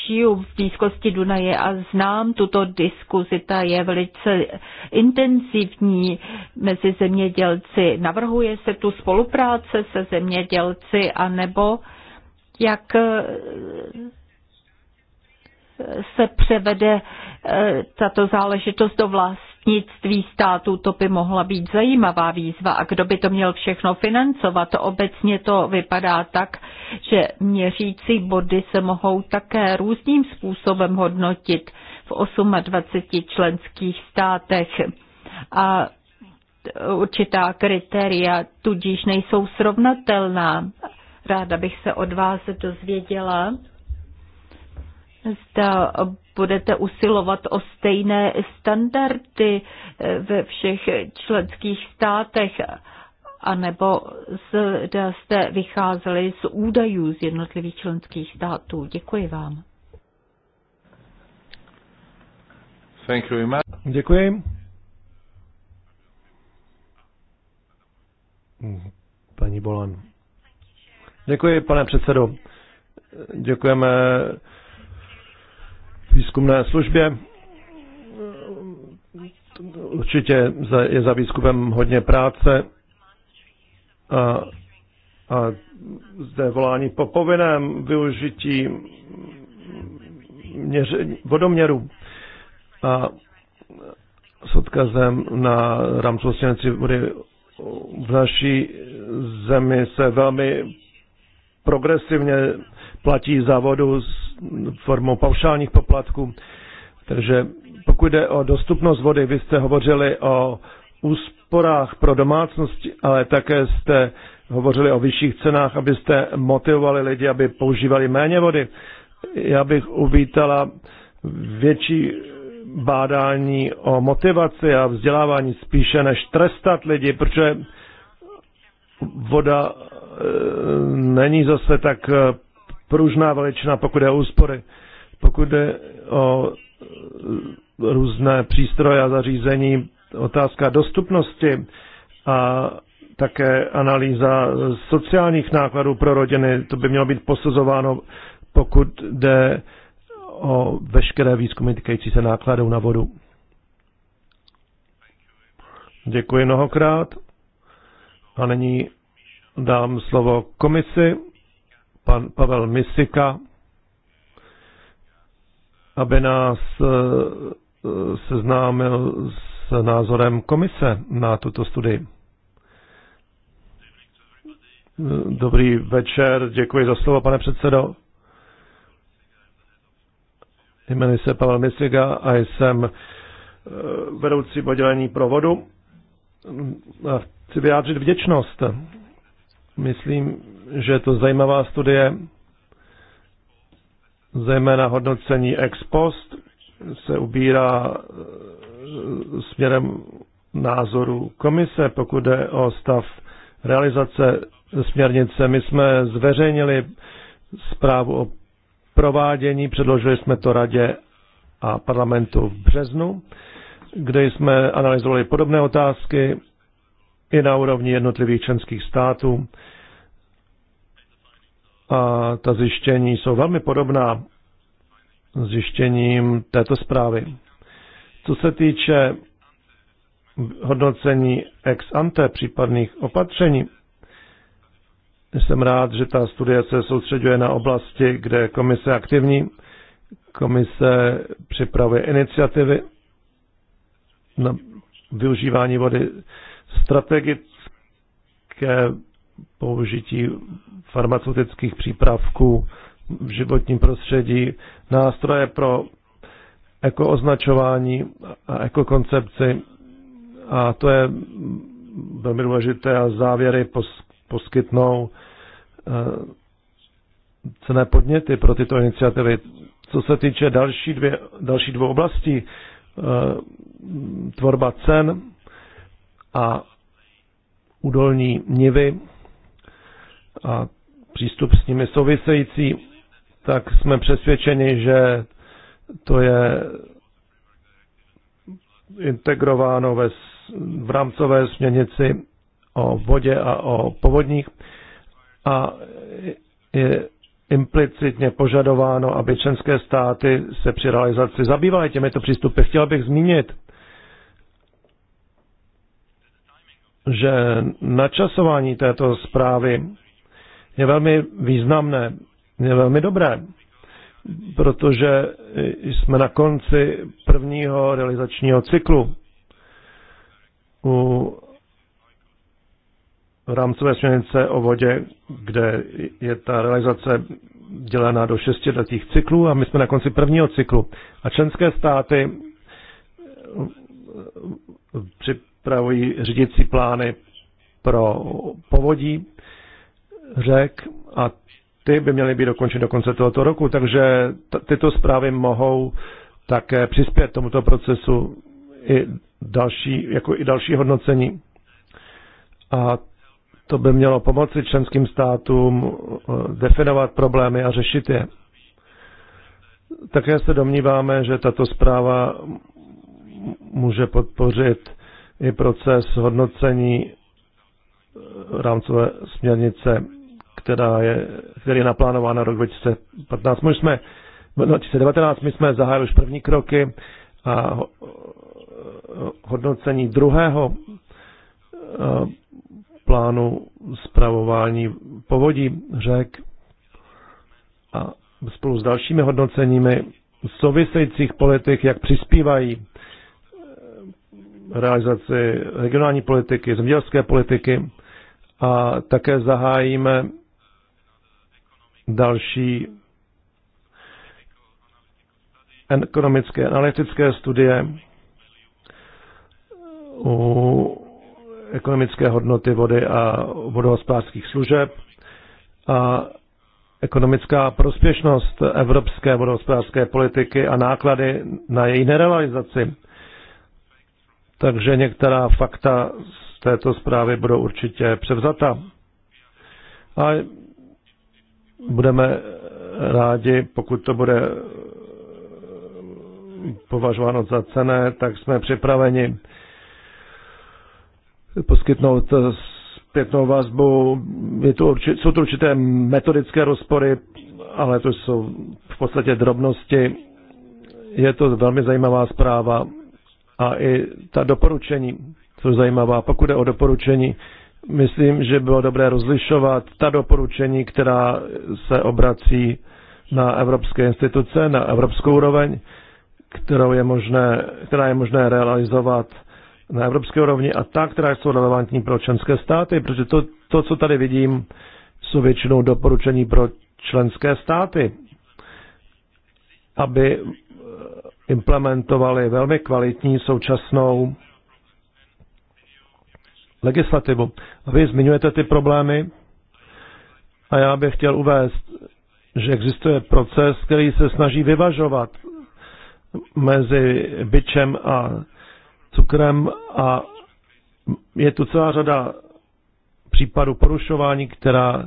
žiju v blízkosti Dunaje a znám tuto diskuzi, ta je velice intenzivní mezi zemědělci. Navrhuje se tu spolupráce se zemědělci, anebo jak eh, se převede eh, tato záležitost do vlastnictví státu, to by mohla být zajímavá výzva. A kdo by to měl všechno financovat? Obecně to vypadá tak, že měřící body se mohou také různým způsobem hodnotit v 28 členských státech. A určitá kritéria tudíž nejsou srovnatelná. Ráda bych se od vás dozvěděla, zda budete usilovat o stejné standardy eh, ve všech členských státech, anebo zda jste vycházeli z údajů z jednotlivých členských států. Děkuji vám. Thank you Děkuji. Paní Bolan. Děkuji, pane předsedo. Děkujeme výzkumné službě. Určitě je za výzkumem hodně práce a, a zde volání po povinném využití měření, vodoměru a s odkazem na rámcovou směrnici vody v naší zemi se velmi progresivně platí za vodu z formou paušálních poplatků. Takže pokud jde o dostupnost vody, vy jste hovořili o úsporách pro domácnosti, ale také jste hovořili o vyšších cenách, abyste motivovali lidi, aby používali méně vody. Já bych uvítala větší bádání o motivaci a vzdělávání spíše než trestat lidi, protože voda e, není zase tak e, pružná veličina, pokud je o úspory, pokud je o eh, různé přístroje a zařízení, otázka dostupnosti a také analýza sociálních nákladů pro rodiny, to by mělo být posuzováno, pokud jde o veškeré výzkumy týkající se nákladů na vodu. Děkuji mnohokrát. A nyní dám slovo komisi pan Pavel Misika, aby nás eh, eh, seznámil s názorem komise na tuto studii. Dobrý večer, děkuji za slovo, pane předsedo. Jmenuji se Pavel Misiga a jsem eh, vedoucí podělení provodu. A chci vyjádřit vděčnost. Myslím, že je to zajímavá studie, zejména hodnocení ex post se ubírá e, směrem názoru komise, pokud jde o stav realizace směrnice. My jsme zveřejnili zprávu o provádění, předložili jsme to radě a parlamentu v březnu, kde jsme analyzovali podobné otázky i na úrovni jednotlivých členských států a ta zjištění jsou velmi podobná zjištěním této zprávy. Co se týče hodnocení ex ante případných opatření, jsem rád, že ta studie se soustředuje na oblasti, kde je komise aktivní. Komise připravuje iniciativy na využívání vody strategické použití farmaceutických přípravků v životním prostředí, nástroje pro ekooznačování a ekokoncepci. A to je velmi důležité a závěry poskytnou eh, cené podněty pro tyto iniciativy. Co se týče další, dvě, další dvou oblastí, eh, tvorba cen a údolní nivy, a přístup s nimi související, tak jsme přesvědčeni, že to je integrováno ve, v rámcové směrnici o vodě a o povodních a je implicitně požadováno, aby členské státy se při realizaci zabývaly těmito přístupy. Chtěl bych zmínit, že načasování této zprávy je velmi významné, je velmi dobré, protože jsme na konci prvního realizačního cyklu u rámcové směrnice o vodě, kde je ta realizace dělená do šestiletých cyklů a my jsme na konci prvního cyklu. A členské státy připravují řídící plány pro povodí řek a ty by měly být dokončeny do konce tohoto roku, takže tyto zprávy mohou také přispět tomuto procesu i další, jako i další hodnocení. A to by mělo pomoci členským státům eh, definovat problémy a řešit je. Také se domníváme, že tato zpráva může podpořit i proces hodnocení eh, rámcové směrnice která je, který je naplánován na rok 2015. My jsme, 2019 my jsme zahájili už první kroky a hodnocení druhého plánu zpravování povodí řek a spolu s dalšími hodnoceními souvisejících politik, jak přispívají e, realizaci regionální politiky, zemědělské politiky a také zahájíme další ekonomické analytické studie u ekonomické hodnoty vody a vodohospodářských služeb a ekonomická prospěšnost evropské vodohospodářské politiky a náklady na její nerealizaci. Takže některá fakta z této zprávy budou určitě převzata. A budeme rádi, pokud to bude eh, považováno za cené, tak jsme připraveni poskytnout eh, zpětnou vazbu. Je tu určitě jsou tu určité metodické rozpory, ale to jsou v podstatě drobnosti. Je to velmi zajímavá zpráva a i ta doporučení jsou zajímavá. Pokud je o doporučení, Myslím, že bylo dobré rozlišovat ta doporučení, která se obrací na evropské instituce, na evropskou úroveň, kterou je možné, která je možné realizovat na evropské úrovni a ta, která jsou relevantní pro členské státy, protože to, to co tady vidím, jsou většinou doporučení pro členské státy, aby implementovali velmi kvalitní současnou legislativu. A vy zmiňujete ty problémy a já bych chtěl uvést, že existuje proces, který se snaží vyvažovat mezi byčem a cukrem a je tu celá řada případů porušování, která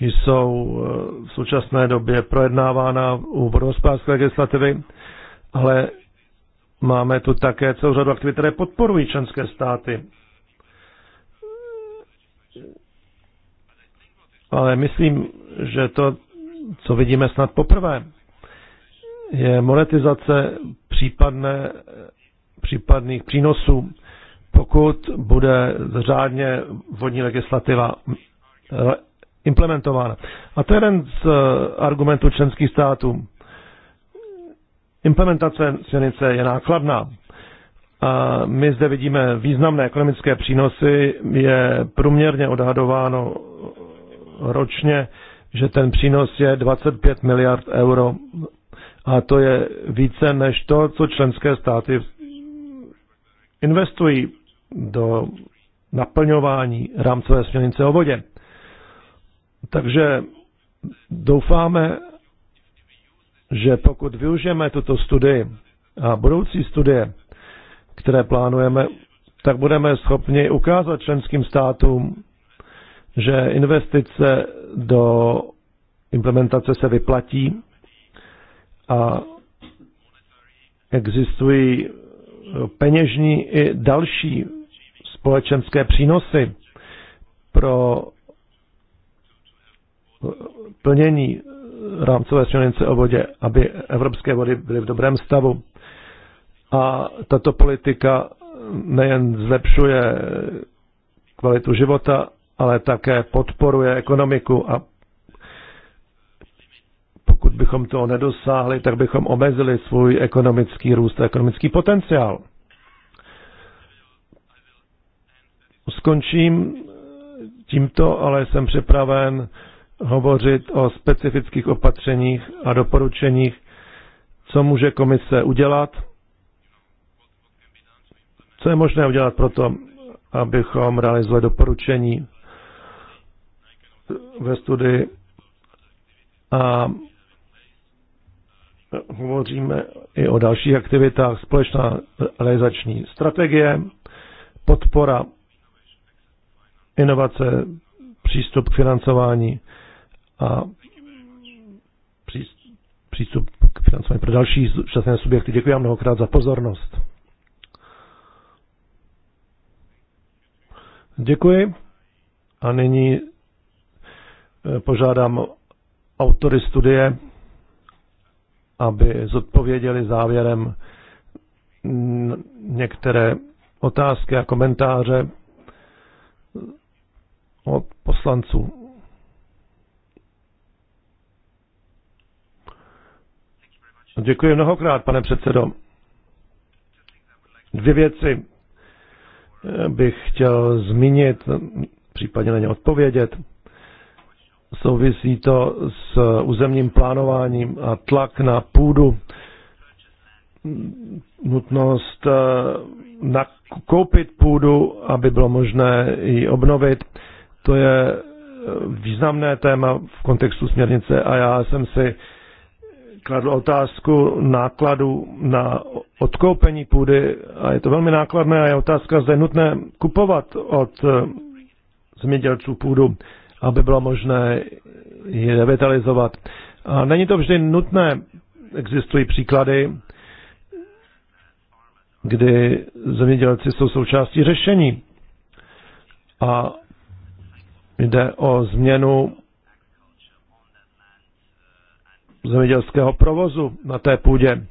jsou eh, v současné době projednávána u vodohospodářské legislativy, ale máme tu také celou řadu aktivit, které podporují členské státy ale myslím, že to, co vidíme snad poprvé, je monetizace případné, případných přínosů, pokud bude řádně vodní legislativa eh, implementována. A to je jeden z eh, argumentů členských států. Implementace směrnice je nákladná. A my zde vidíme významné ekonomické přínosy, je průměrně odhadováno ročně, že ten přínos je 25 miliard euro. A to je více než to, co členské státy investují do naplňování rámcové směrnice o vodě. Takže doufáme, že pokud využijeme tuto studii a budoucí studie, které plánujeme, tak budeme schopni ukázat členským státům, že investice do implementace se vyplatí a existují peněžní i další společenské přínosy pro plnění rámcové směrnice o vodě, aby evropské vody byly v dobrém stavu. A tato politika nejen zlepšuje kvalitu života, ale také podporuje ekonomiku a pokud bychom toho nedosáhli, tak bychom omezili svůj ekonomický růst a ekonomický potenciál. Skončím tímto, ale jsem připraven hovořit o specifických opatřeních a doporučeních, co může komise udělat, co je možné udělat pro to, abychom realizovali doporučení ve studii a hovoříme i o dalších aktivitách, společná realizační strategie, podpora inovace, přístup k financování a přístup k financování pro další šťastné subjekty. Děkuji vám mnohokrát za pozornost. Děkuji. A nyní Eh, požádám autory studie, aby zodpověděli závěrem některé otázky a komentáře od poslanců. Děkuji mnohokrát, pane předsedo. Dvě věci eh, bych chtěl zmínit, případně na ně odpovědět. Souvisí to s územním plánováním a tlak na půdu, nutnost eh, nakoupit půdu, aby bylo možné ji obnovit. To je eh, významné téma v kontextu směrnice a já jsem si kladl otázku nákladu na odkoupení půdy a je to velmi nákladné a je otázka, zda je nutné kupovat od eh, zemědělců půdu aby bylo možné je revitalizovat. A není to vždy nutné. Existují příklady, kdy zemědělci jsou součástí řešení. A jde o změnu zemědělského provozu na té půdě.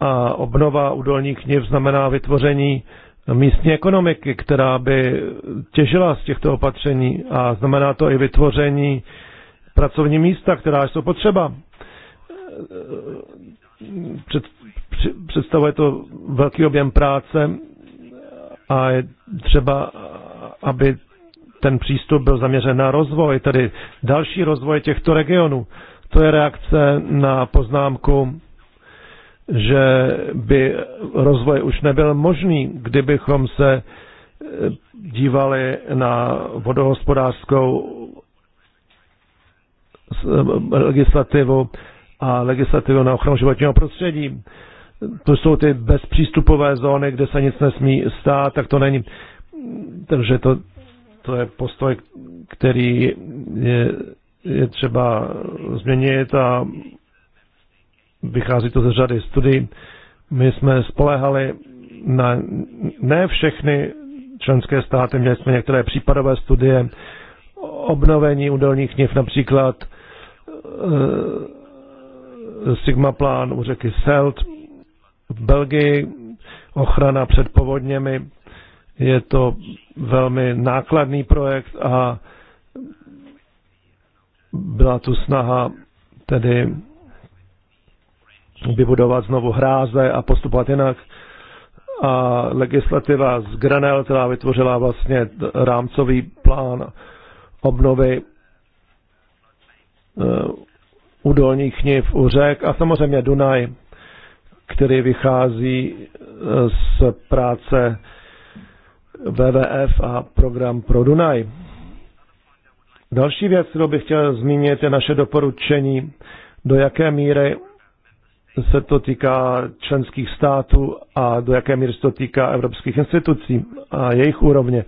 A obnova údolních niv znamená vytvoření No, místní ekonomiky, která by těžila z těchto opatření a znamená to i vytvoření pracovní místa, která jsou potřeba. Před, představuje to velký objem práce a je třeba, aby ten přístup byl zaměřen na rozvoj, tedy další rozvoj těchto regionů. To je reakce na poznámku že by rozvoj už nebyl možný, kdybychom se eh, dívali na vodohospodářskou eh, legislativu a legislativu na ochranu životního prostředí. To jsou ty bezpřístupové zóny, kde se nic nesmí stát, tak to není. Takže to, to je postoj, který je, je třeba změnit a vychází to ze řady studií. My jsme spolehali na ne všechny členské státy, měli jsme některé případové studie, obnovení údolních hněv, například e, Sigma plán u řeky Selt v Belgii, ochrana před povodněmi. Je to velmi nákladný projekt a byla tu snaha tedy vybudovat znovu hráze a postupovat jinak. A legislativa z Granel, která vytvořila vlastně rámcový plán obnovy e, u dolních niv, u řek a samozřejmě Dunaj, který vychází e, z práce WWF a program pro Dunaj. Další věc, kterou bych chtěl zmínit, je naše doporučení, do jaké míry se to týká členských států a do jaké míry se to týká evropských institucí a jejich úrovně.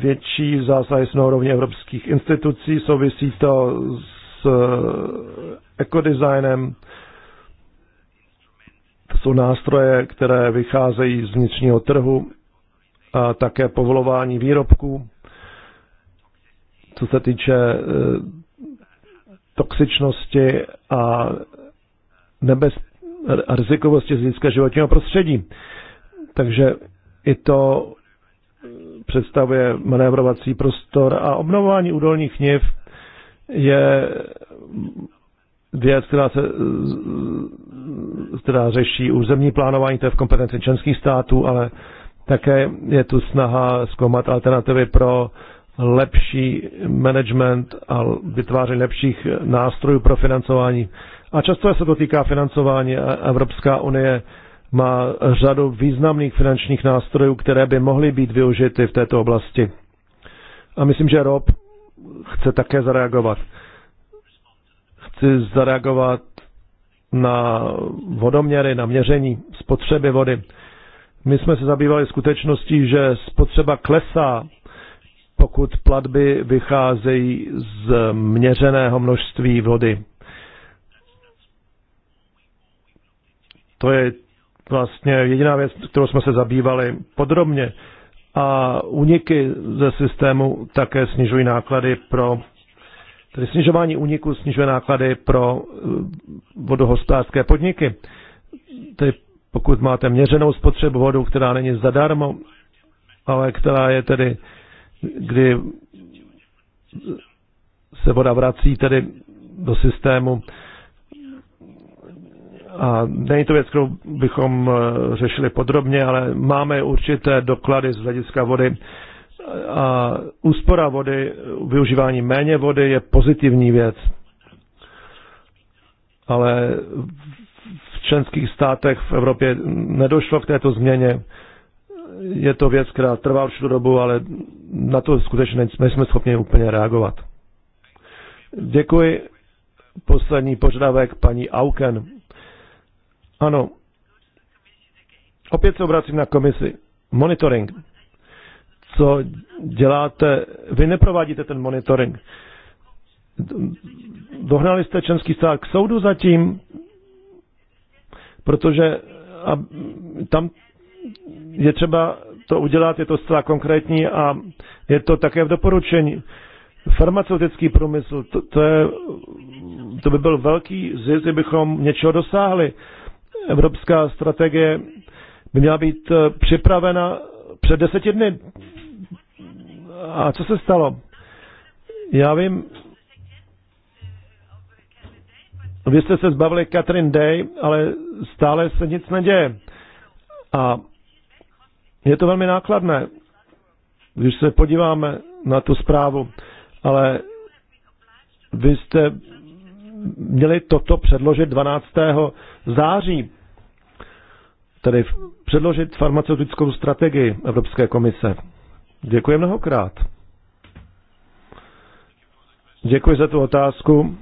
Větší zásahy jsou na úrovni evropských institucí, souvisí to s eh, ekodesignem, to jsou nástroje, které vycházejí z vnitřního trhu a také povolování výrobků. Co se týče eh, toxičnosti a, nebez, a rizikovosti z hlediska životního prostředí. Takže i to představuje manévrovací prostor a obnovování údolních niv je věc, která, se, která řeší územní plánování, to je v kompetenci členských států, ale také je tu snaha zkoumat alternativy pro lepší management a vytváření lepších nástrojů pro financování. A často se to týká financování. Evropská unie má řadu významných finančních nástrojů, které by mohly být využity v této oblasti. A myslím, že Rob chce také zareagovat. Chci zareagovat na vodoměry, na měření spotřeby vody. My jsme se zabývali skutečností, že spotřeba klesá pokud platby vycházejí z měřeného množství vody. To je vlastně jediná věc, kterou jsme se zabývali podrobně. A uniky ze systému také snižují náklady pro Tedy snižování úniku snižuje náklady pro eh, vodohospodářské podniky. Tedy pokud máte měřenou spotřebu vodu, která není zadarmo, ale která je tedy kdy se voda vrací tedy do systému. A není to věc, kterou bychom eh, řešili podrobně, ale máme určité doklady z hlediska vody. A úspora vody, využívání méně vody je pozitivní věc. Ale v členských státech v Evropě nedošlo k této změně je to věc, která trvá určitou dobu, ale na to skutečně nejsme schopni úplně reagovat. Děkuji. Poslední požadavek paní Auken. Ano. Opět se obracím na komisi. Monitoring. Co děláte? Vy neprovádíte ten monitoring. Dohnali jste členský stát k soudu zatím? Protože a tam je třeba to udělat, je to zcela konkrétní a je to také v doporučení. Farmaceutický průmysl, to, to, je, to by byl velký zisk, kdybychom něčeho dosáhli. Evropská strategie by měla být eh, připravena před deseti dny. A co se stalo? Já vím, vy jste se zbavili Catherine Day, ale stále se nic neděje. A je to velmi nákladné, když se podíváme na tu zprávu, ale vy jste měli toto předložit 12. září, tedy předložit farmaceutickou strategii Evropské komise. Děkuji mnohokrát. Děkuji za tu otázku.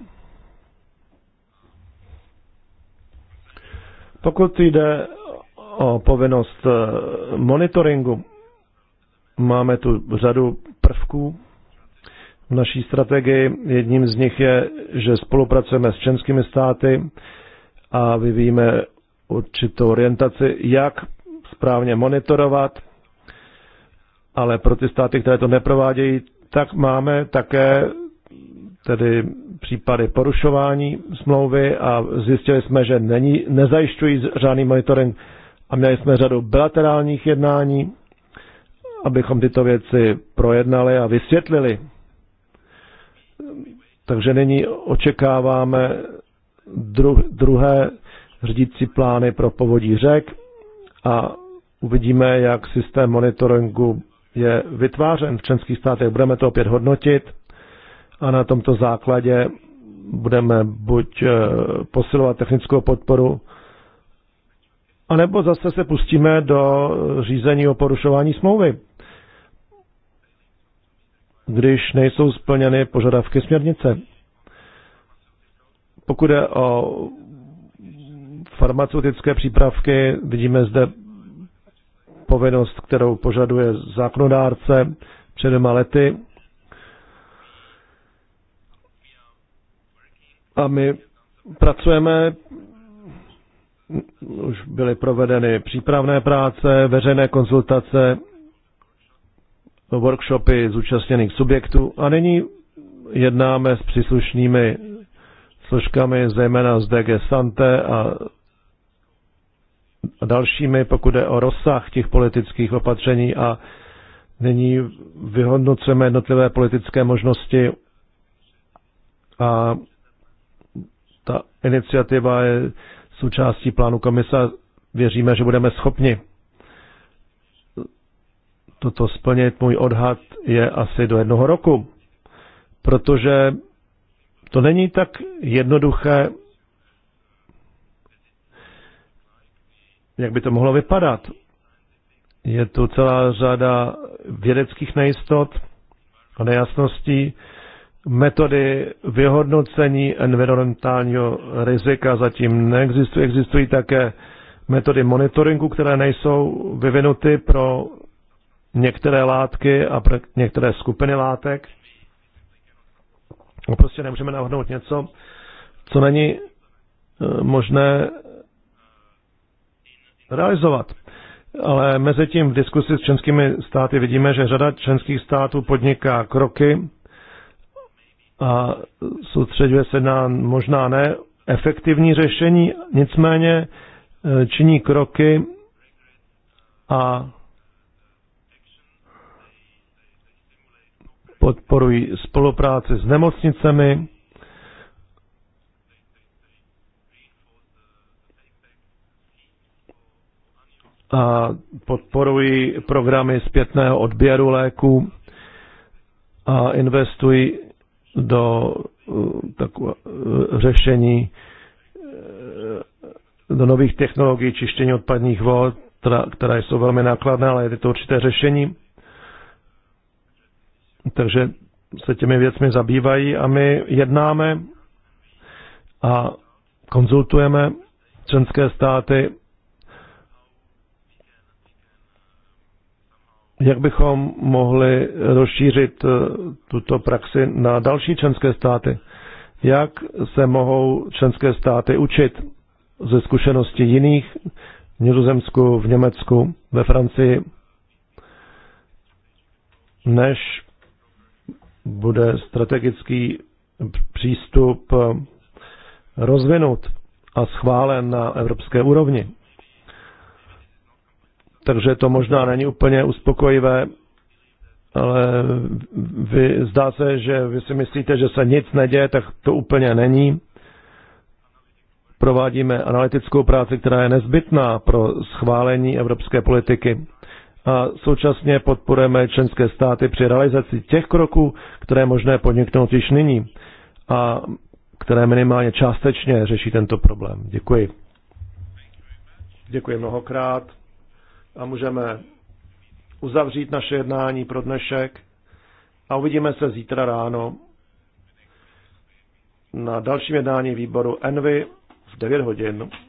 Pokud jde o povinnost eh, monitoringu. Máme tu řadu prvků v naší strategii. Jedním z nich je, že spolupracujeme s členskými státy a vyvíjíme určitou orientaci, jak správně monitorovat, ale pro ty státy, které to neprovádějí, tak máme také tedy případy porušování smlouvy a zjistili jsme, že není, nezajišťují žádný monitoring a měli jsme řadu bilaterálních jednání, abychom tyto věci projednali a vysvětlili. Takže nyní očekáváme dru- druhé řídící plány pro povodí řek a uvidíme, jak systém monitoringu je vytvářen v členských státech. Budeme to opět hodnotit a na tomto základě budeme buď eh, posilovat technickou podporu a nebo zase se pustíme do řízení o porušování smlouvy, když nejsou splněny požadavky směrnice. Pokud je o farmaceutické přípravky, vidíme zde povinnost, kterou požaduje zákonodárce před dvěma lety. A my pracujeme už byly provedeny přípravné práce, veřejné konzultace, workshopy zúčastněných subjektů a nyní jednáme s příslušnými složkami, zejména z DG Sante a dalšími, pokud jde o rozsah těch politických opatření a nyní vyhodnocujeme jednotlivé politické možnosti a ta iniciativa je součástí plánu komise. Věříme, že budeme schopni toto splnit. Můj odhad je asi do jednoho roku, protože to není tak jednoduché, jak by to mohlo vypadat. Je tu celá řada vědeckých nejistot a nejasností, metody vyhodnocení environmentálního rizika zatím neexistují. Existují také metody monitoringu, které nejsou vyvinuty pro některé látky a pro některé skupiny látek. Prostě nemůžeme navrhnout něco, co není e, možné realizovat. Ale mezi tím v diskusi s členskými státy vidíme, že řada členských států podniká kroky, a soustředuje se na možná ne efektivní řešení, nicméně e, činí kroky a podporují spolupráci s nemocnicemi, a podporují programy zpětného odběru léků a investují do eh, takové, eh, řešení eh, do nových technologií čištění odpadních vod, která, jsou velmi nákladné, ale je to určité řešení. Takže se těmi věcmi zabývají a my jednáme a konzultujeme členské státy jak bychom mohli rozšířit eh, tuto praxi na další členské státy? Jak se mohou členské státy učit ze zkušeností jiných v Nizozemsku, v Německu, ve Francii, než bude strategický přístup eh, rozvinut a schválen na evropské úrovni takže to možná není úplně uspokojivé, ale vy, zdá se, že vy si myslíte, že se nic neděje, tak to úplně není. Provádíme analytickou práci, která je nezbytná pro schválení evropské politiky a současně podporujeme členské státy při realizaci těch kroků, které je možné podniknout již nyní a které minimálně částečně řeší tento problém. Děkuji. Děkuji mnohokrát a můžeme uzavřít naše jednání pro dnešek a uvidíme se zítra ráno na dalším jednání výboru Envy v 9 hodin.